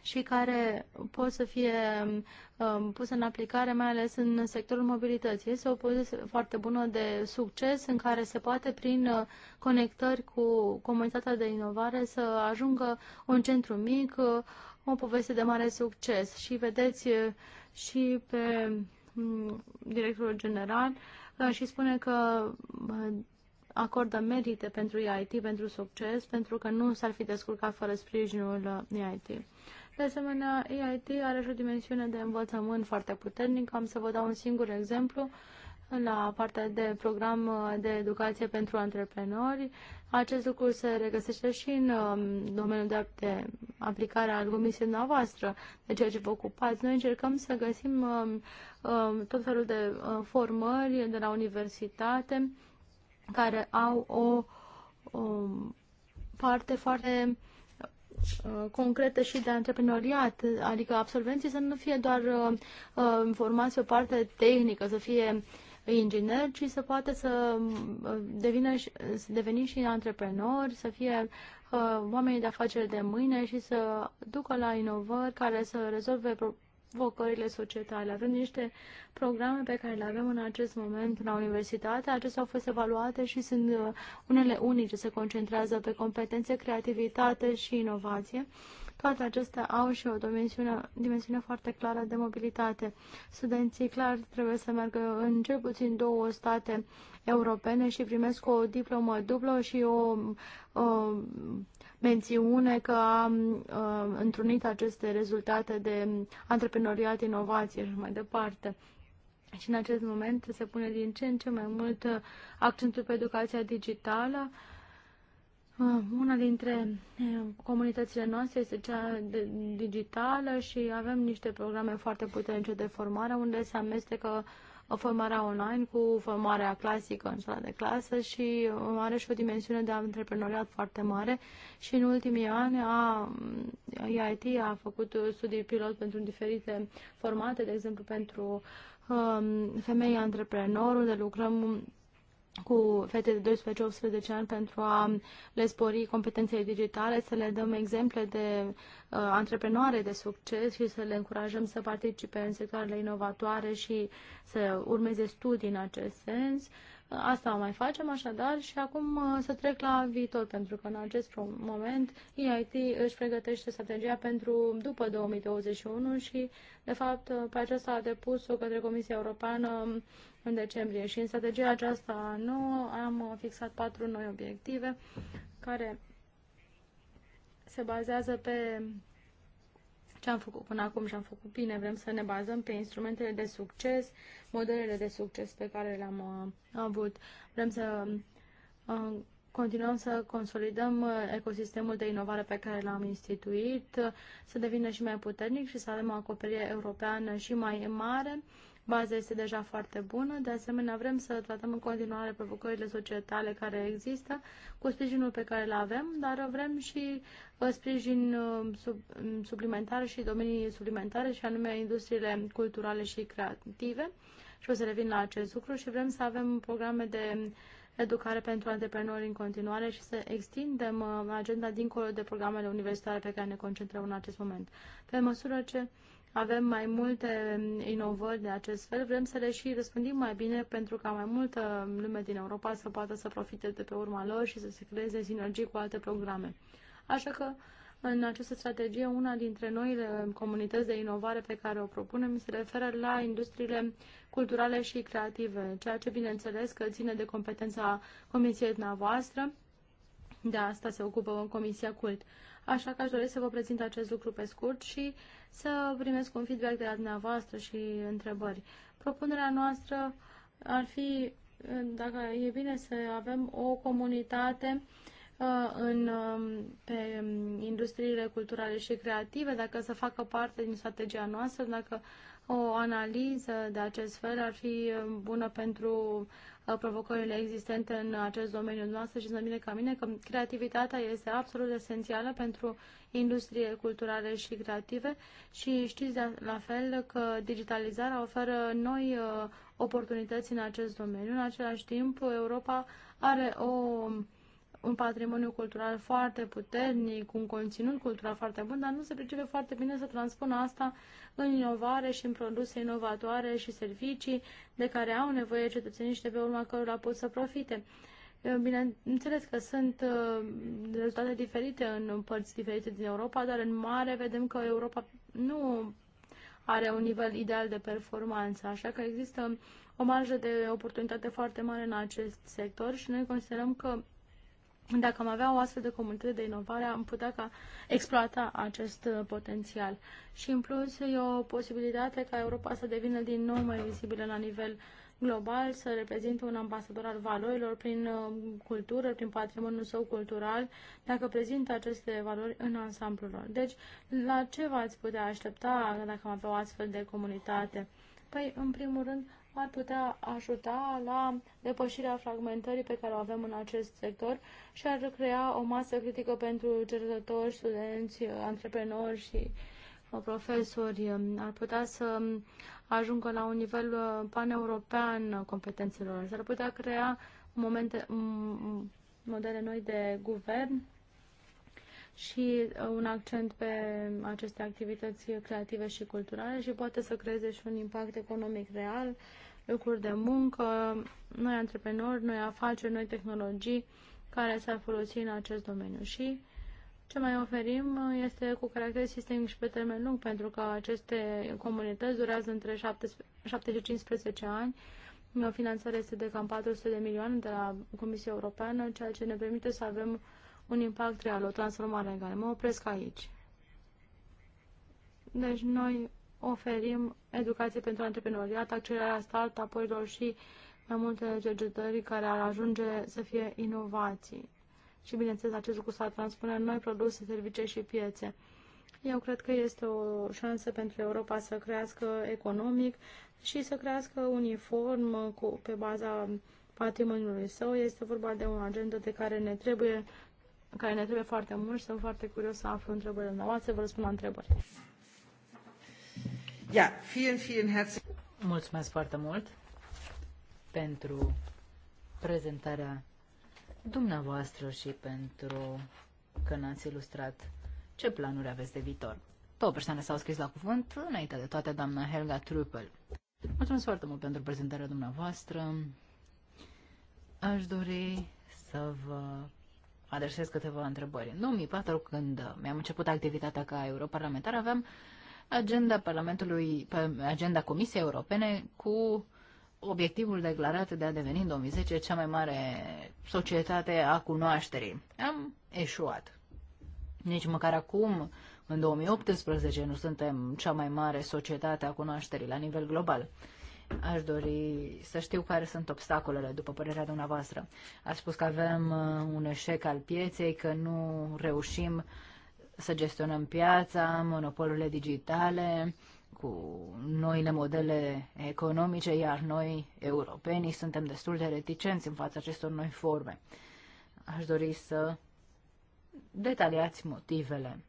și care pot să fie um, puse în aplicare, mai ales în sectorul mobilității. Este o poziție foarte bună de succes în care se poate, prin uh, conectări cu comunitatea de inovare, să ajungă un centru mic, uh, o poveste de mare succes. Și vedeți uh, și pe um, directorul general și spune că acordă merite pentru EIT, pentru succes, pentru că nu s-ar fi descurcat fără sprijinul EIT. De asemenea, EIT are și o dimensiune de învățământ foarte puternică. Am să vă dau un singur exemplu la partea de program de educație pentru antreprenori. Acest lucru se regăsește și în um, domeniul de, de aplicare al comisiei noastre, de ceea ce vă ocupați. Noi încercăm să găsim um, um, tot felul de uh, formări de la universitate care au o, o parte foarte Uh, concrete și de antreprenoriat, adică absolvenții să nu fie doar uh, uh formați o parte tehnică, să fie inginer, ci să poată să, uh, devină, să deveni și antreprenori, să fie uh, oamenii de afaceri de mâine și să ducă la inovări care să rezolve provocările societale. Avem niște programe pe care le avem în acest moment la universitate. Acestea au fost evaluate și sunt uh, unele unice. Se concentrează pe competențe, creativitate și inovație toate acestea au și o dimensiune, dimensiune foarte clară de mobilitate. Studenții clar trebuie să meargă în cel puțin două state europene și primesc o diplomă dublă și o, o mențiune că a ă, întrunit aceste rezultate de antreprenoriat, inovație și mai departe. Și în acest moment se pune din ce în ce mai mult accentul pe educația digitală, Ah, una dintre eh, comunitățile noastre este cea digitală și avem niște programe foarte puternice de formare unde se amestecă formarea online cu formarea clasică în sala de clasă și um, are și o dimensiune de antreprenoriat foarte mare și în ultimii ani a, EIT mm, a făcut studii pilot pentru diferite formate, de exemplu pentru um, femei antreprenori, unde lucrăm cu fete de 12-18 ani pentru a le spori competențele digitale, să le dăm exemple de uh, antreprenoare de succes și să le încurajăm să participe în sectoarele inovatoare și să urmeze studii în acest sens. Uh, Asta mai facem așadar și acum uh, să trec la viitor, pentru că în acest moment EIT își pregătește strategia pentru după 2021 și, de fapt, uh, pe aceasta a depus-o către Comisia Europeană um, în decembrie și în strategia aceasta nouă am uh, fixat patru noi obiective care se bazează pe ce am făcut până acum și am făcut bine. Vrem să ne bazăm pe instrumentele de succes, modelele de succes pe care le-am uh, avut. Vrem să uh, continuăm să consolidăm uh, ecosistemul de inovare pe care l-am instituit, uh, să devină și mai puternic și să avem o acoperire europeană și mai mare Baza este deja foarte bună, de asemenea vrem să tratăm în continuare provocările societale care există cu sprijinul pe care îl avem, dar vrem și uh, sprijin uh, sub, mm, suplimentar și domenii suplimentare și anume industriile culturale și creative și o să revin la acest lucru și vrem să avem programe de educare pentru antreprenori în continuare și să extindem uh, agenda dincolo de programele universitare pe care ne concentrăm în acest moment. Pe măsură ce avem mai multe inovări de acest fel, vrem să le și răspândim mai bine pentru ca mai multă lume din Europa să poată să profite de pe urma lor și să se creeze sinergii cu alte programe. Așa că în această strategie, una dintre noile comunități de inovare pe care o propunem se referă la industriile culturale și creative, ceea ce, bineînțeles, că ține de competența comisiei dumneavoastră. De asta se ocupă Comisia Cult așa că aș dori să vă prezint acest lucru pe scurt și să primesc un feedback de la dumneavoastră și întrebări. Propunerea noastră ar fi, dacă e bine să avem o comunitate uh, în, um, pe um, industriile culturale și creative, dacă să facă parte din strategia noastră, dacă o analiză de acest fel ar fi uh, bună pentru uh, provocările existente în acest domeniu noastră și bine ca mine că creativitatea este absolut esențială pentru industrie culturale și creative și știți la fel că digitalizarea oferă noi uh, oportunități în acest domeniu. În același timp, Europa are o un patrimoniu cultural foarte puternic, un conținut cultural foarte bun, dar nu se pricepe foarte bine să transpună asta în inovare și în produse inovatoare și servicii de care au nevoie cetățenii și de pe urma cărora pot să profite. Bineînțeles că sunt uh, rezultate diferite în părți diferite din Europa, dar în mare vedem că Europa nu are un nivel ideal de performanță, așa că există o marjă de oportunitate foarte mare în acest sector și noi considerăm că dacă am avea o astfel de comunitate de inovare, am putea ca exploata acest uh, potențial. Și în plus e o posibilitate ca Europa să devină din nou mai vizibilă la nivel global, să reprezinte un ambasador al valorilor prin uh, cultură, prin patrimoniul său cultural, dacă prezintă aceste valori în ansamblul lor. Deci, la ce v-ați putea aștepta dacă am avea o astfel de comunitate? Păi, în primul rând, ar putea ajuta la depășirea fragmentării pe care o avem în acest sector și ar crea o masă critică pentru cercetători, studenți, antreprenori și uh, profesori. Ar putea să ajungă la un nivel uh, paneuropean competențelor. S-ar putea crea momente, modele noi de guvern și uh, un accent pe aceste activități creative și culturale și poate să creeze și un impact economic real Lucruri de muncă, noi antreprenori, noi afaceri, noi tehnologii care s-ar folosi în acest domeniu. Și ce mai oferim este cu caracter sistemic și pe termen lung, pentru că aceste comunități durează între 7 și 15 ani. Finanțarea este de cam 400 de milioane de la Comisia Europeană, ceea ce ne permite să avem un impact real, o transformare legală. Mă opresc aici. Deci noi oferim educație pentru antreprenoriat, accelerarea start-up-urilor și mai multe cercetări care ar ajunge să fie inovații. Și, bineînțeles, acest lucru s-ar transpune în noi produse, servicii și piețe. Eu cred că este o șansă pentru Europa să crească economic și să crească uniform cu, pe baza patrimoniului său. Este vorba de o agendă de care ne trebuie care ne trebuie foarte mult și sunt foarte curios să aflu întrebările noastre, vă răspund la întrebări. Ja, vielen, vielen herzlichen Mulțumesc foarte mult pentru prezentarea dumneavoastră și pentru că ne-ați ilustrat ce planuri aveți de viitor. Două persoane s-au scris la cuvânt, înainte de toate doamna Helga Truppel. Mulțumesc foarte mult pentru prezentarea dumneavoastră. Aș dori să vă adresez câteva întrebări. În 2004, când mi-am început activitatea ca europarlamentar, aveam agenda Parlamentului, agenda Comisiei Europene cu obiectivul declarat de a deveni în 2010 cea mai mare societate a cunoașterii. Am eșuat. Nici măcar acum, în 2018, nu suntem cea mai mare societate a cunoașterii la nivel global. Aș dori să știu care sunt obstacolele, după părerea dumneavoastră. Ați spus că avem uh, un eșec al pieței, că nu reușim uh, să gestionăm piața, monopolurile digitale, cu noile modele economice, iar noi, europenii, suntem destul de reticenți în fața acestor noi forme. Aș dori să detaliați motivele.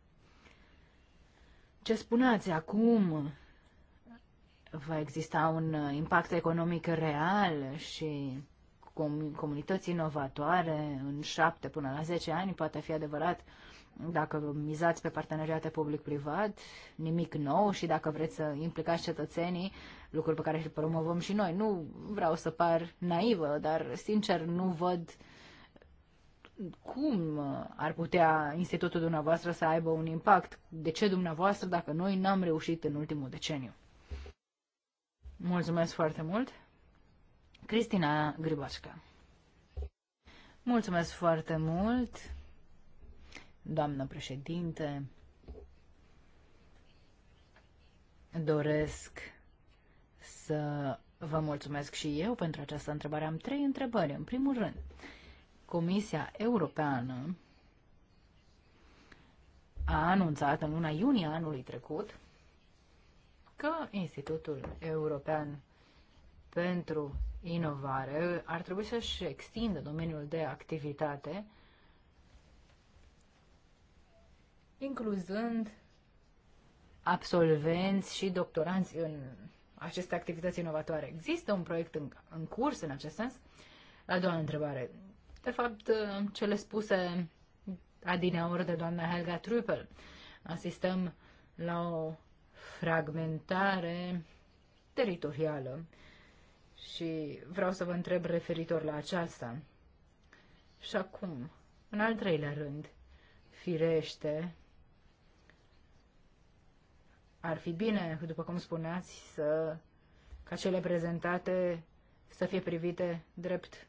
Ce spuneați acum? Va exista un impact economic real și comunități inovatoare în șapte până la zece ani, poate fi adevărat, dacă mizați pe parteneriate public-privat, nimic nou și dacă vreți să implicați cetățenii, lucruri pe care le promovăm și noi. Nu vreau să par naivă, dar sincer nu văd cum ar putea institutul dumneavoastră să aibă un impact. De ce dumneavoastră dacă noi n-am reușit în ultimul deceniu? Mulțumesc foarte mult! Cristina Gribașca Mulțumesc foarte mult! doamnă președinte. Doresc să vă mulțumesc și eu pentru această întrebare. Am trei întrebări. În primul rând, Comisia Europeană a anunțat în luna iunie anului trecut că Institutul European pentru Inovare ar trebui să-și extindă domeniul de activitate incluzând absolvenți și doctoranți în aceste activități inovatoare. Există un proiect în, în curs în acest sens? La doua întrebare. De fapt, cele spuse adineori de doamna Helga Trupel. Asistăm la o fragmentare teritorială și vreau să vă întreb referitor la aceasta. Și acum, în al treilea rând, firește, ar fi bine, după cum spuneați, să, ca cele prezentate să fie privite drept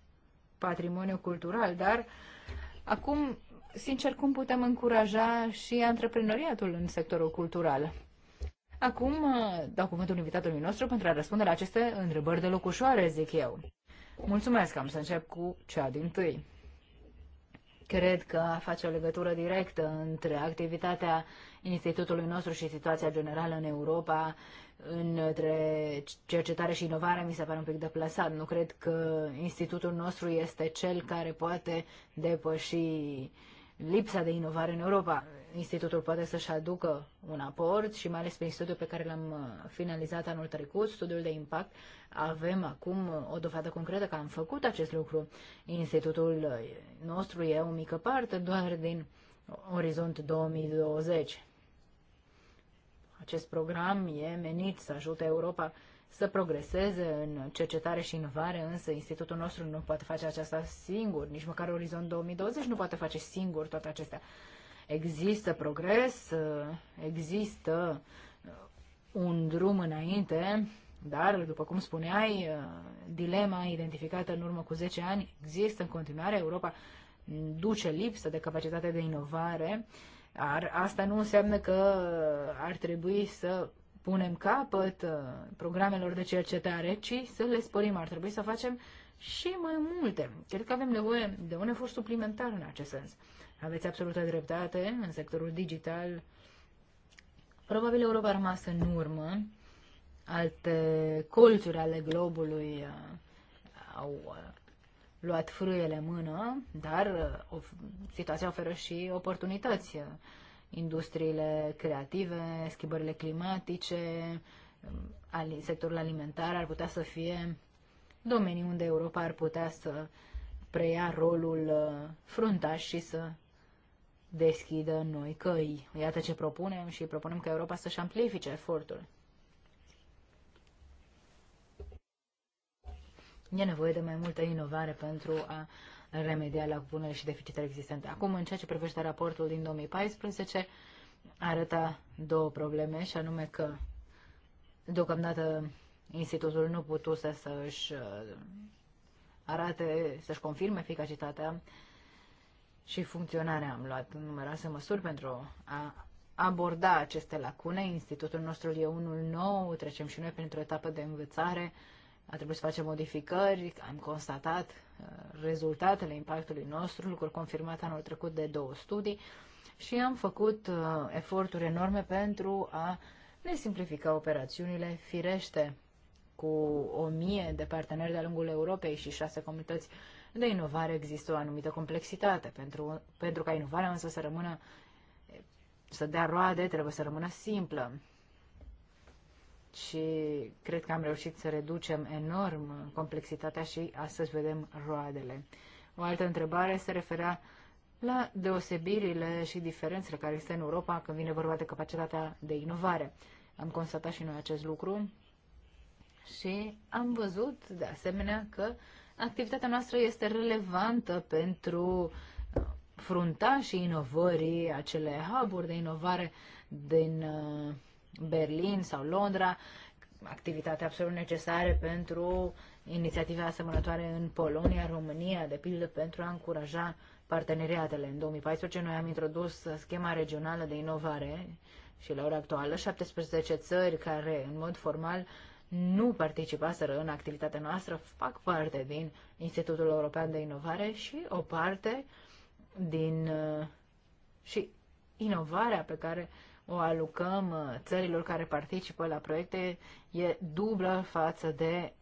patrimoniu cultural, dar acum, sincer, cum putem încuraja și antreprenoriatul în sectorul cultural? Acum uh, dau cuvântul invitatului nostru pentru a răspunde la aceste întrebări de locușoare, zic eu. Mulțumesc, am să încep cu cea din tâi. Cred că face o legătură directă între activitatea institutului nostru și situația generală în Europa, între cercetare și inovare, mi se pare un pic deplasat. Nu cred că institutul nostru este cel care poate depăși lipsa de inovare în Europa institutul poate să-și aducă un aport și mai ales pe studiul pe care l-am uh, finalizat anul trecut, studiul de impact, avem acum uh, o dovadă concretă că am făcut acest lucru. Institutul uh, nostru e o mică parte doar din Orizont 2020. Acest program e menit să ajute Europa să progreseze în cercetare și inovare, însă institutul nostru nu poate face aceasta singur, nici măcar Orizont 2020 nu poate face singur toate acestea. Există progres, există uh, un drum înainte, dar, după cum spuneai, uh, dilema identificată în urmă cu 10 ani există în continuare. Europa duce lipsă de capacitate de inovare, dar asta nu înseamnă că ar trebui să punem capăt uh, programelor de cercetare, ci să le sporim. Ar trebui să facem și mai multe. Cred că avem nevoie de un efort suplimentar în acest sens. Aveți absolută dreptate, în sectorul digital probabil Europa a rămas în urmă, alte colțuri ale globului uh, au uh, luat frâiele mână, dar uh, situația oferă și oportunități. Industriile creative, schimbările climatice, um, sectorul alimentar ar putea să fie domenii unde Europa ar putea să preia rolul fruntaș și să deschidă noi căi. Iată ce propunem și propunem că Europa să-și amplifice efortul. E nevoie de mai multă inovare pentru a remedia lacunele și deficitele existente. Acum, în ceea ce privește raportul din 2014, arăta două probleme, și anume că deocamdată institutul nu putuse să-și uh, arate, să-și confirme eficacitatea și funcționarea. Am luat numeroase măsuri pentru a aborda aceste lacune. Institutul nostru e unul nou, trecem și noi printr-o etapă de învățare, a trebuit să facem modificări, am constatat uh, rezultatele impactului nostru, lucruri confirmate anul trecut de două studii și am făcut uh, eforturi enorme pentru a ne simplifica operațiunile, firește, cu o mie de parteneri de-a lungul Europei și șase comunități de inovare există o anumită complexitate. Pentru, pentru ca inovarea însă să rămână, să dea roade, trebuie să rămână simplă. Și cred că am reușit să reducem enorm complexitatea și astăzi vedem roadele. O altă întrebare se referea la deosebirile și diferențele care există în Europa când vine vorba de capacitatea de inovare. Am constatat și noi acest lucru și am văzut, de asemenea, că uh, activitatea noastră este relevantă pentru uh, și inovării, acele hub de inovare din uh, Berlin sau Londra, activitate absolut necesare pentru inițiative asemănătoare în Polonia, România, de pildă pentru a încuraja parteneriatele. În 2014 noi am introdus schema regională de inovare și la ora actuală 17 țări care în mod formal nu participaseră în activitatea noastră fac parte din Institutul European de Inovare și o parte din uh, și inovarea pe care o alucăm uh, țărilor care participă la proiecte e dublă față de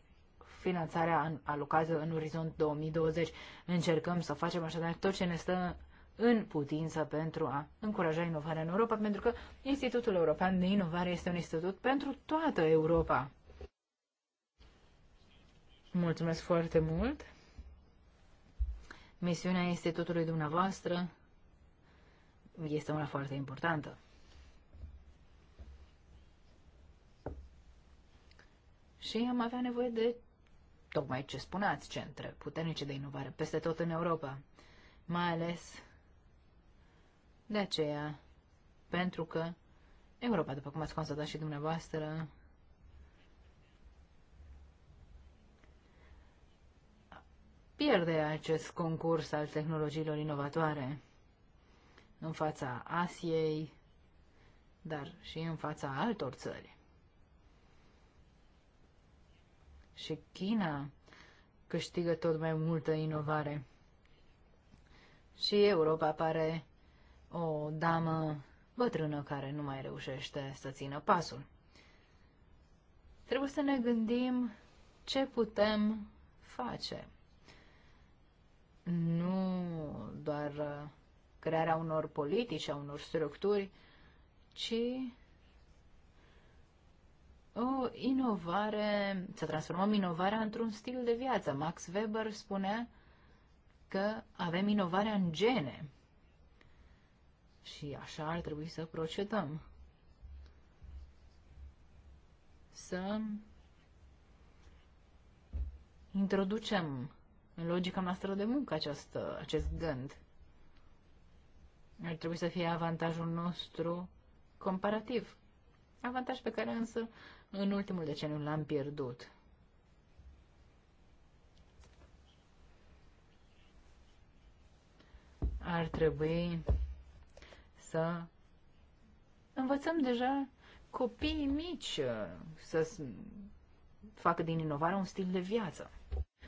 finanțarea alocată în orizont 2020. Încercăm să facem așadar tot ce ne stă în putință pentru a încuraja inovarea în Europa, pentru că Institutul European de Inovare este un institut pentru toată Europa. Mulțumesc foarte mult. Misiunea Institutului dumneavoastră este una foarte importantă. Și am avea nevoie de tocmai ce spuneați, centre puternice de inovare peste tot în Europa. Mai ales de aceea, pentru că Europa, după cum ați constatat și dumneavoastră, pierde acest concurs al tehnologiilor inovatoare în fața Asiei, dar și în fața altor țări. Și China câștigă tot mai multă inovare. Și Europa pare o damă bătrână care nu mai reușește să țină pasul. Trebuie să ne gândim ce putem face nu doar uh, crearea unor politici, a unor structuri, ci o inovare, să transformăm inovarea într-un stil de viață. Max Weber spunea că avem inovarea în gene. Și așa ar trebui să procedăm. Să introducem în logica noastră de muncă acest, acest gând. Ar trebui să fie avantajul nostru comparativ. Avantaj pe care însă în ultimul deceniu l-am pierdut. Ar trebui să învățăm deja copiii mici să facă din inovare un stil de viață.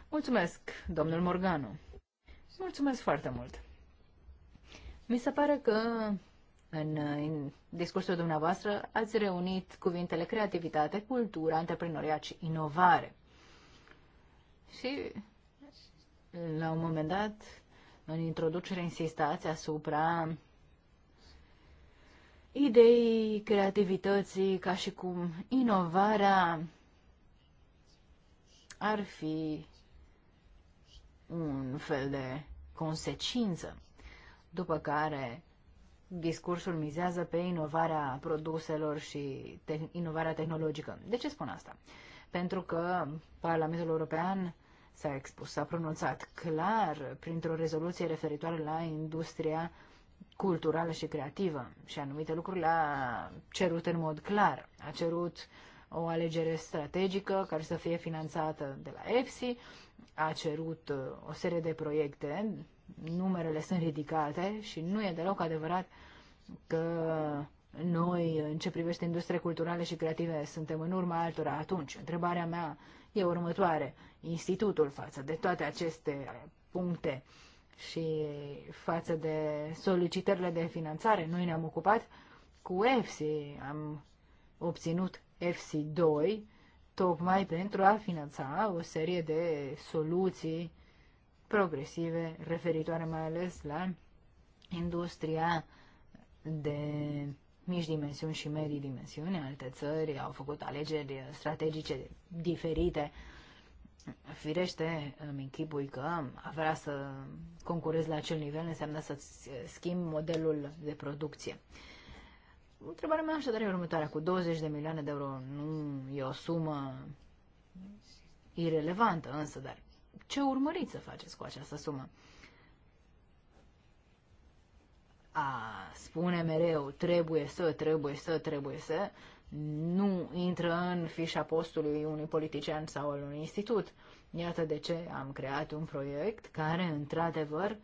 Mulțumesc, domnul Morganu. Mulțumesc foarte mult. Mi se pare că în, în discursul dumneavoastră ați reunit cuvintele creativitate, cultură, antreprenoriat și inovare. Și la un moment dat, în introducere, insistați asupra ideii creativității ca și cum inovarea ar fi un fel de consecință, după care discursul mizează pe inovarea produselor și te- inovarea tehnologică. De ce spun asta? Pentru că Parlamentul European s-a expus, s-a pronunțat clar printr-o rezoluție referitoare la industria culturală și creativă și anumite lucruri le-a cerut în mod clar. A cerut o alegere strategică care să fie finanțată de la EFSI, a cerut uh, o serie de proiecte, numerele sunt ridicate și nu e deloc adevărat că noi, în ce privește industrie culturale și creative, suntem în urma altora atunci. Întrebarea mea e următoare. Institutul față de toate aceste puncte și față de solicitările de finanțare, noi ne-am ocupat cu EFSI, am obținut EFSI 2, tocmai pentru a finanța o serie de soluții progresive referitoare mai ales la industria de mici dimensiuni și medii dimensiuni. Alte țări au făcut alegeri strategice diferite. Firește, îmi închipui că a vrea să concurezi la acel nivel înseamnă să-ți schimbi modelul de producție. Întrebarea mea așadar e următoarea. Cu 20 de milioane de euro nu e o sumă irelevantă, însă, dar ce urmăriți să faceți cu această sumă? A spune mereu trebuie să, trebuie să, trebuie să, nu intră în fișa postului unui politician sau al unui institut. Iată de ce am creat un proiect care, într-adevăr,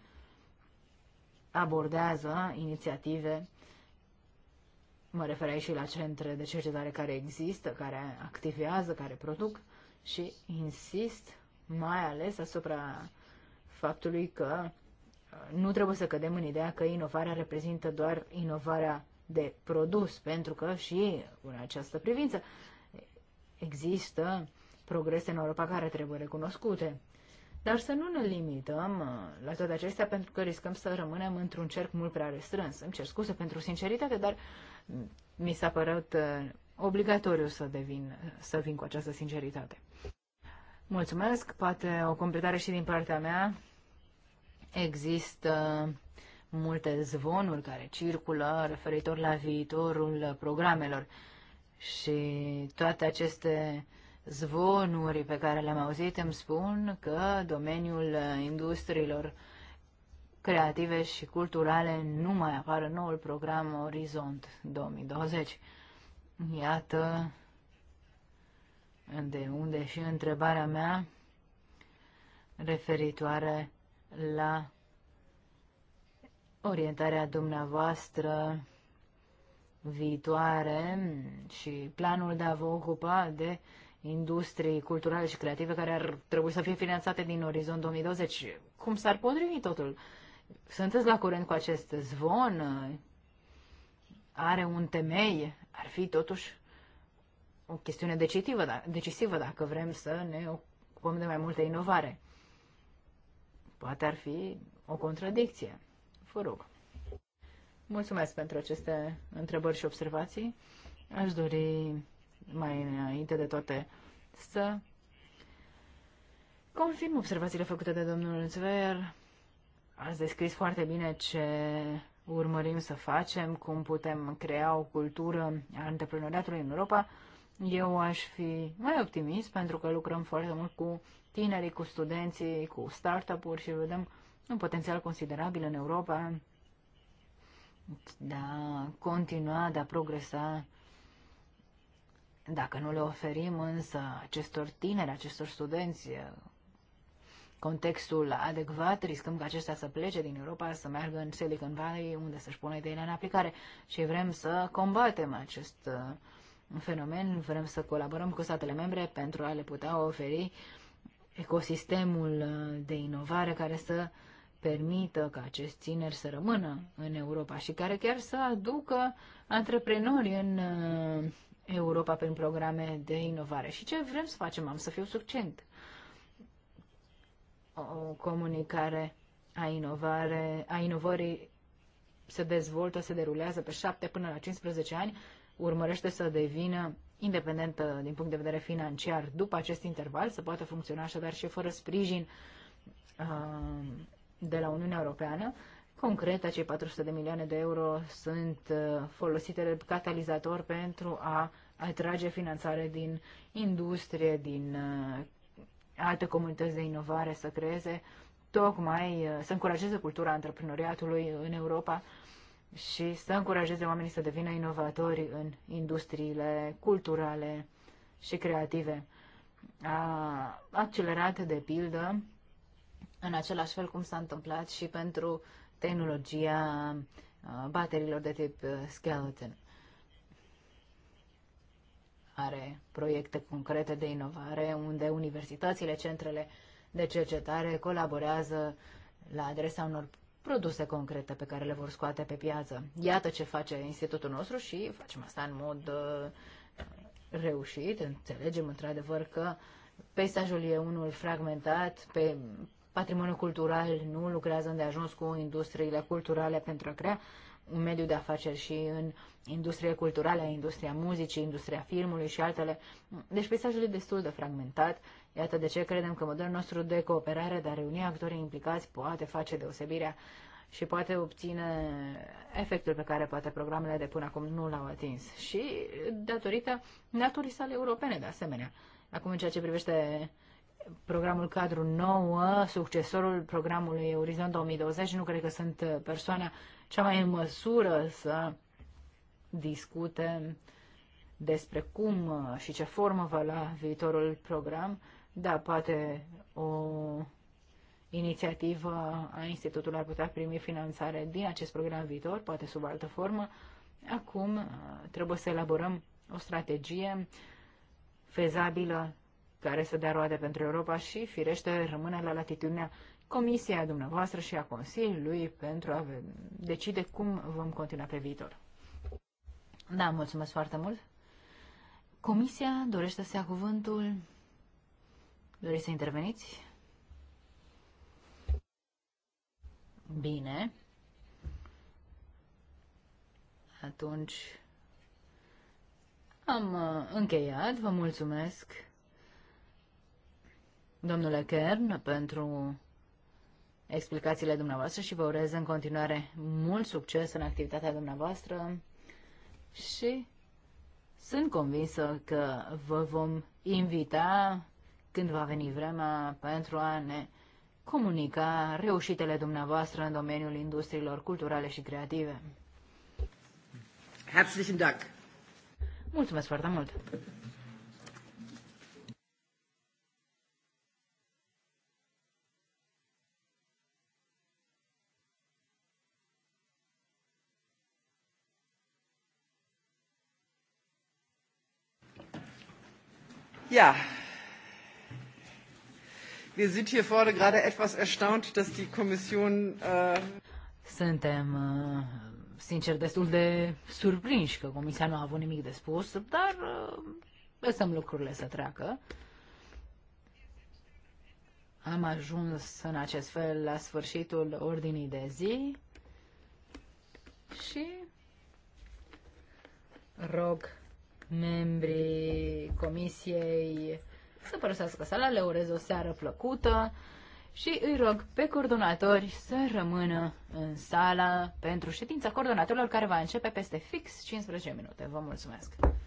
abordează inițiative Mă refer aici și la centre de cercetare care există, care activează, care produc și insist mai ales asupra faptului că uh, nu trebuie să cădem în ideea că inovarea reprezintă doar inovarea de produs, pentru că și în această privință există progrese în Europa care trebuie recunoscute. Dar să nu ne limităm uh, la toate acestea pentru că riscăm să rămânem într-un cerc mult prea restrâns. Îmi cer scuze pentru sinceritate, dar uh, mi s-a părut uh, obligatoriu să, devin, să vin cu această sinceritate. Mulțumesc, poate o completare și din partea mea. Există multe zvonuri care circulă referitor la viitorul programelor și toate aceste zvonuri pe care le-am auzit îmi spun că domeniul industriilor creative și culturale nu mai apar în noul program Orizont 2020. Iată de unde și întrebarea mea referitoare la orientarea dumneavoastră viitoare și planul de a vă ocupa de industrii culturale și creative care ar trebui să fie finanțate din orizont 2020. Cum s-ar potrivi totul? sunteți la curent cu acest zvon? Are un temei? Ar fi totuși o chestiune decisivă, da, decisivă dacă vrem să ne ocupăm de mai multă inovare. Poate ar fi o contradicție. Vă rog. Mulțumesc pentru aceste întrebări și observații. Aș dori mai înainte de toate să confirm observațiile făcute de domnul Zver Ați descris foarte bine ce urmărim să facem, cum putem crea o cultură a antreprenoriatului în Europa. Eu aș fi mai optimist pentru că lucrăm foarte mult cu tinerii, cu studenții, cu startup-uri și vedem un potențial considerabil în Europa de a continua, de a progresa. Dacă nu le oferim însă acestor tineri, acestor studenți, contextul adecvat, riscăm ca acesta să plece din Europa, să meargă în Silicon Valley, unde să-și pună ideile în aplicare. Și vrem să combatem acest uh, fenomen, vrem să colaborăm cu statele membre pentru a le putea oferi ecosistemul uh, de inovare care să permită ca acest tineri să rămână în Europa și care chiar să aducă antreprenori în uh, Europa prin programe de inovare. Și ce vrem să facem? Am să fiu succent o comunicare a, inovare, a inovării se dezvoltă, se derulează pe 7 până la 15 ani, urmărește să devină independentă din punct de vedere financiar după acest interval, să poată funcționa așadar și fără sprijin uh, de la Uniunea Europeană. Concret, acei 400 de milioane de euro sunt uh, folosite de catalizator pentru a atrage finanțare din industrie, din uh, alte comunități de inovare să creeze, tocmai uh, să încurajeze cultura antreprenoriatului în Europa și să încurajeze oamenii să devină inovatori în industriile culturale și creative. A accelerat, de pildă, în același fel cum s-a întâmplat și pentru tehnologia uh, bateriilor de tip uh, skeleton are proiecte concrete de inovare unde universitățile, centrele de cercetare colaborează la adresa unor produse concrete pe care le vor scoate pe piață. Iată ce face institutul nostru și facem asta în mod uh, reușit. Înțelegem într-adevăr că peisajul e unul fragmentat, pe patrimoniul cultural nu lucrează îndeajuns cu industriile culturale pentru a crea un mediu de afaceri și în industrie culturale, industria muzicii, industria filmului și altele. Deci peisajul e destul de fragmentat. Iată de ce credem că modelul nostru de cooperare, de a reuni actorii implicați, poate face deosebirea și poate obține efectul pe care poate programele de până acum nu l-au atins. Și datorită naturii sale europene, de asemenea. Acum, în ceea ce privește programul cadru nou, succesorul programului Orizont 2020, nu cred că sunt persoana cea mai în măsură să discute despre cum și ce formă va lua viitorul program. Da, poate o inițiativă a Institutului ar putea primi finanțare din acest program viitor, poate sub altă formă. Acum uh, trebuie să elaborăm o strategie fezabilă care să dea roade pentru Europa și, firește, rămâne la latitudinea Comisiei a dumneavoastră și a Consiliului pentru a decide cum vom continua pe viitor. Da, mulțumesc foarte mult. Comisia dorește să ia cuvântul. Doriți să interveniți? Bine. Atunci am uh, încheiat. Vă mulțumesc domnule Kern, pentru explicațiile dumneavoastră și vă urez în continuare mult succes în activitatea dumneavoastră și sunt convinsă că vă vom invita când va veni vremea pentru a ne comunica reușitele dumneavoastră în domeniul industriilor culturale și creative. Herzlichen Dank! Mulțumesc foarte mult! Ja, wir sind hier vorne gerade etwas erstaunt, dass die Kommission. Äh Suntem uh, sincer destul de surprinși că Comisia nu a avut nimic de spus, dar uh, lăsăm lucrurile să treacă. Am ajuns în acest fel la sfârșitul ordinii de zi și rog membrii comisiei să părăsească sala, le urez o seară plăcută și îi rog pe coordonatori să rămână în sala pentru ședința coordonatorilor care va începe peste fix 15 minute. Vă mulțumesc!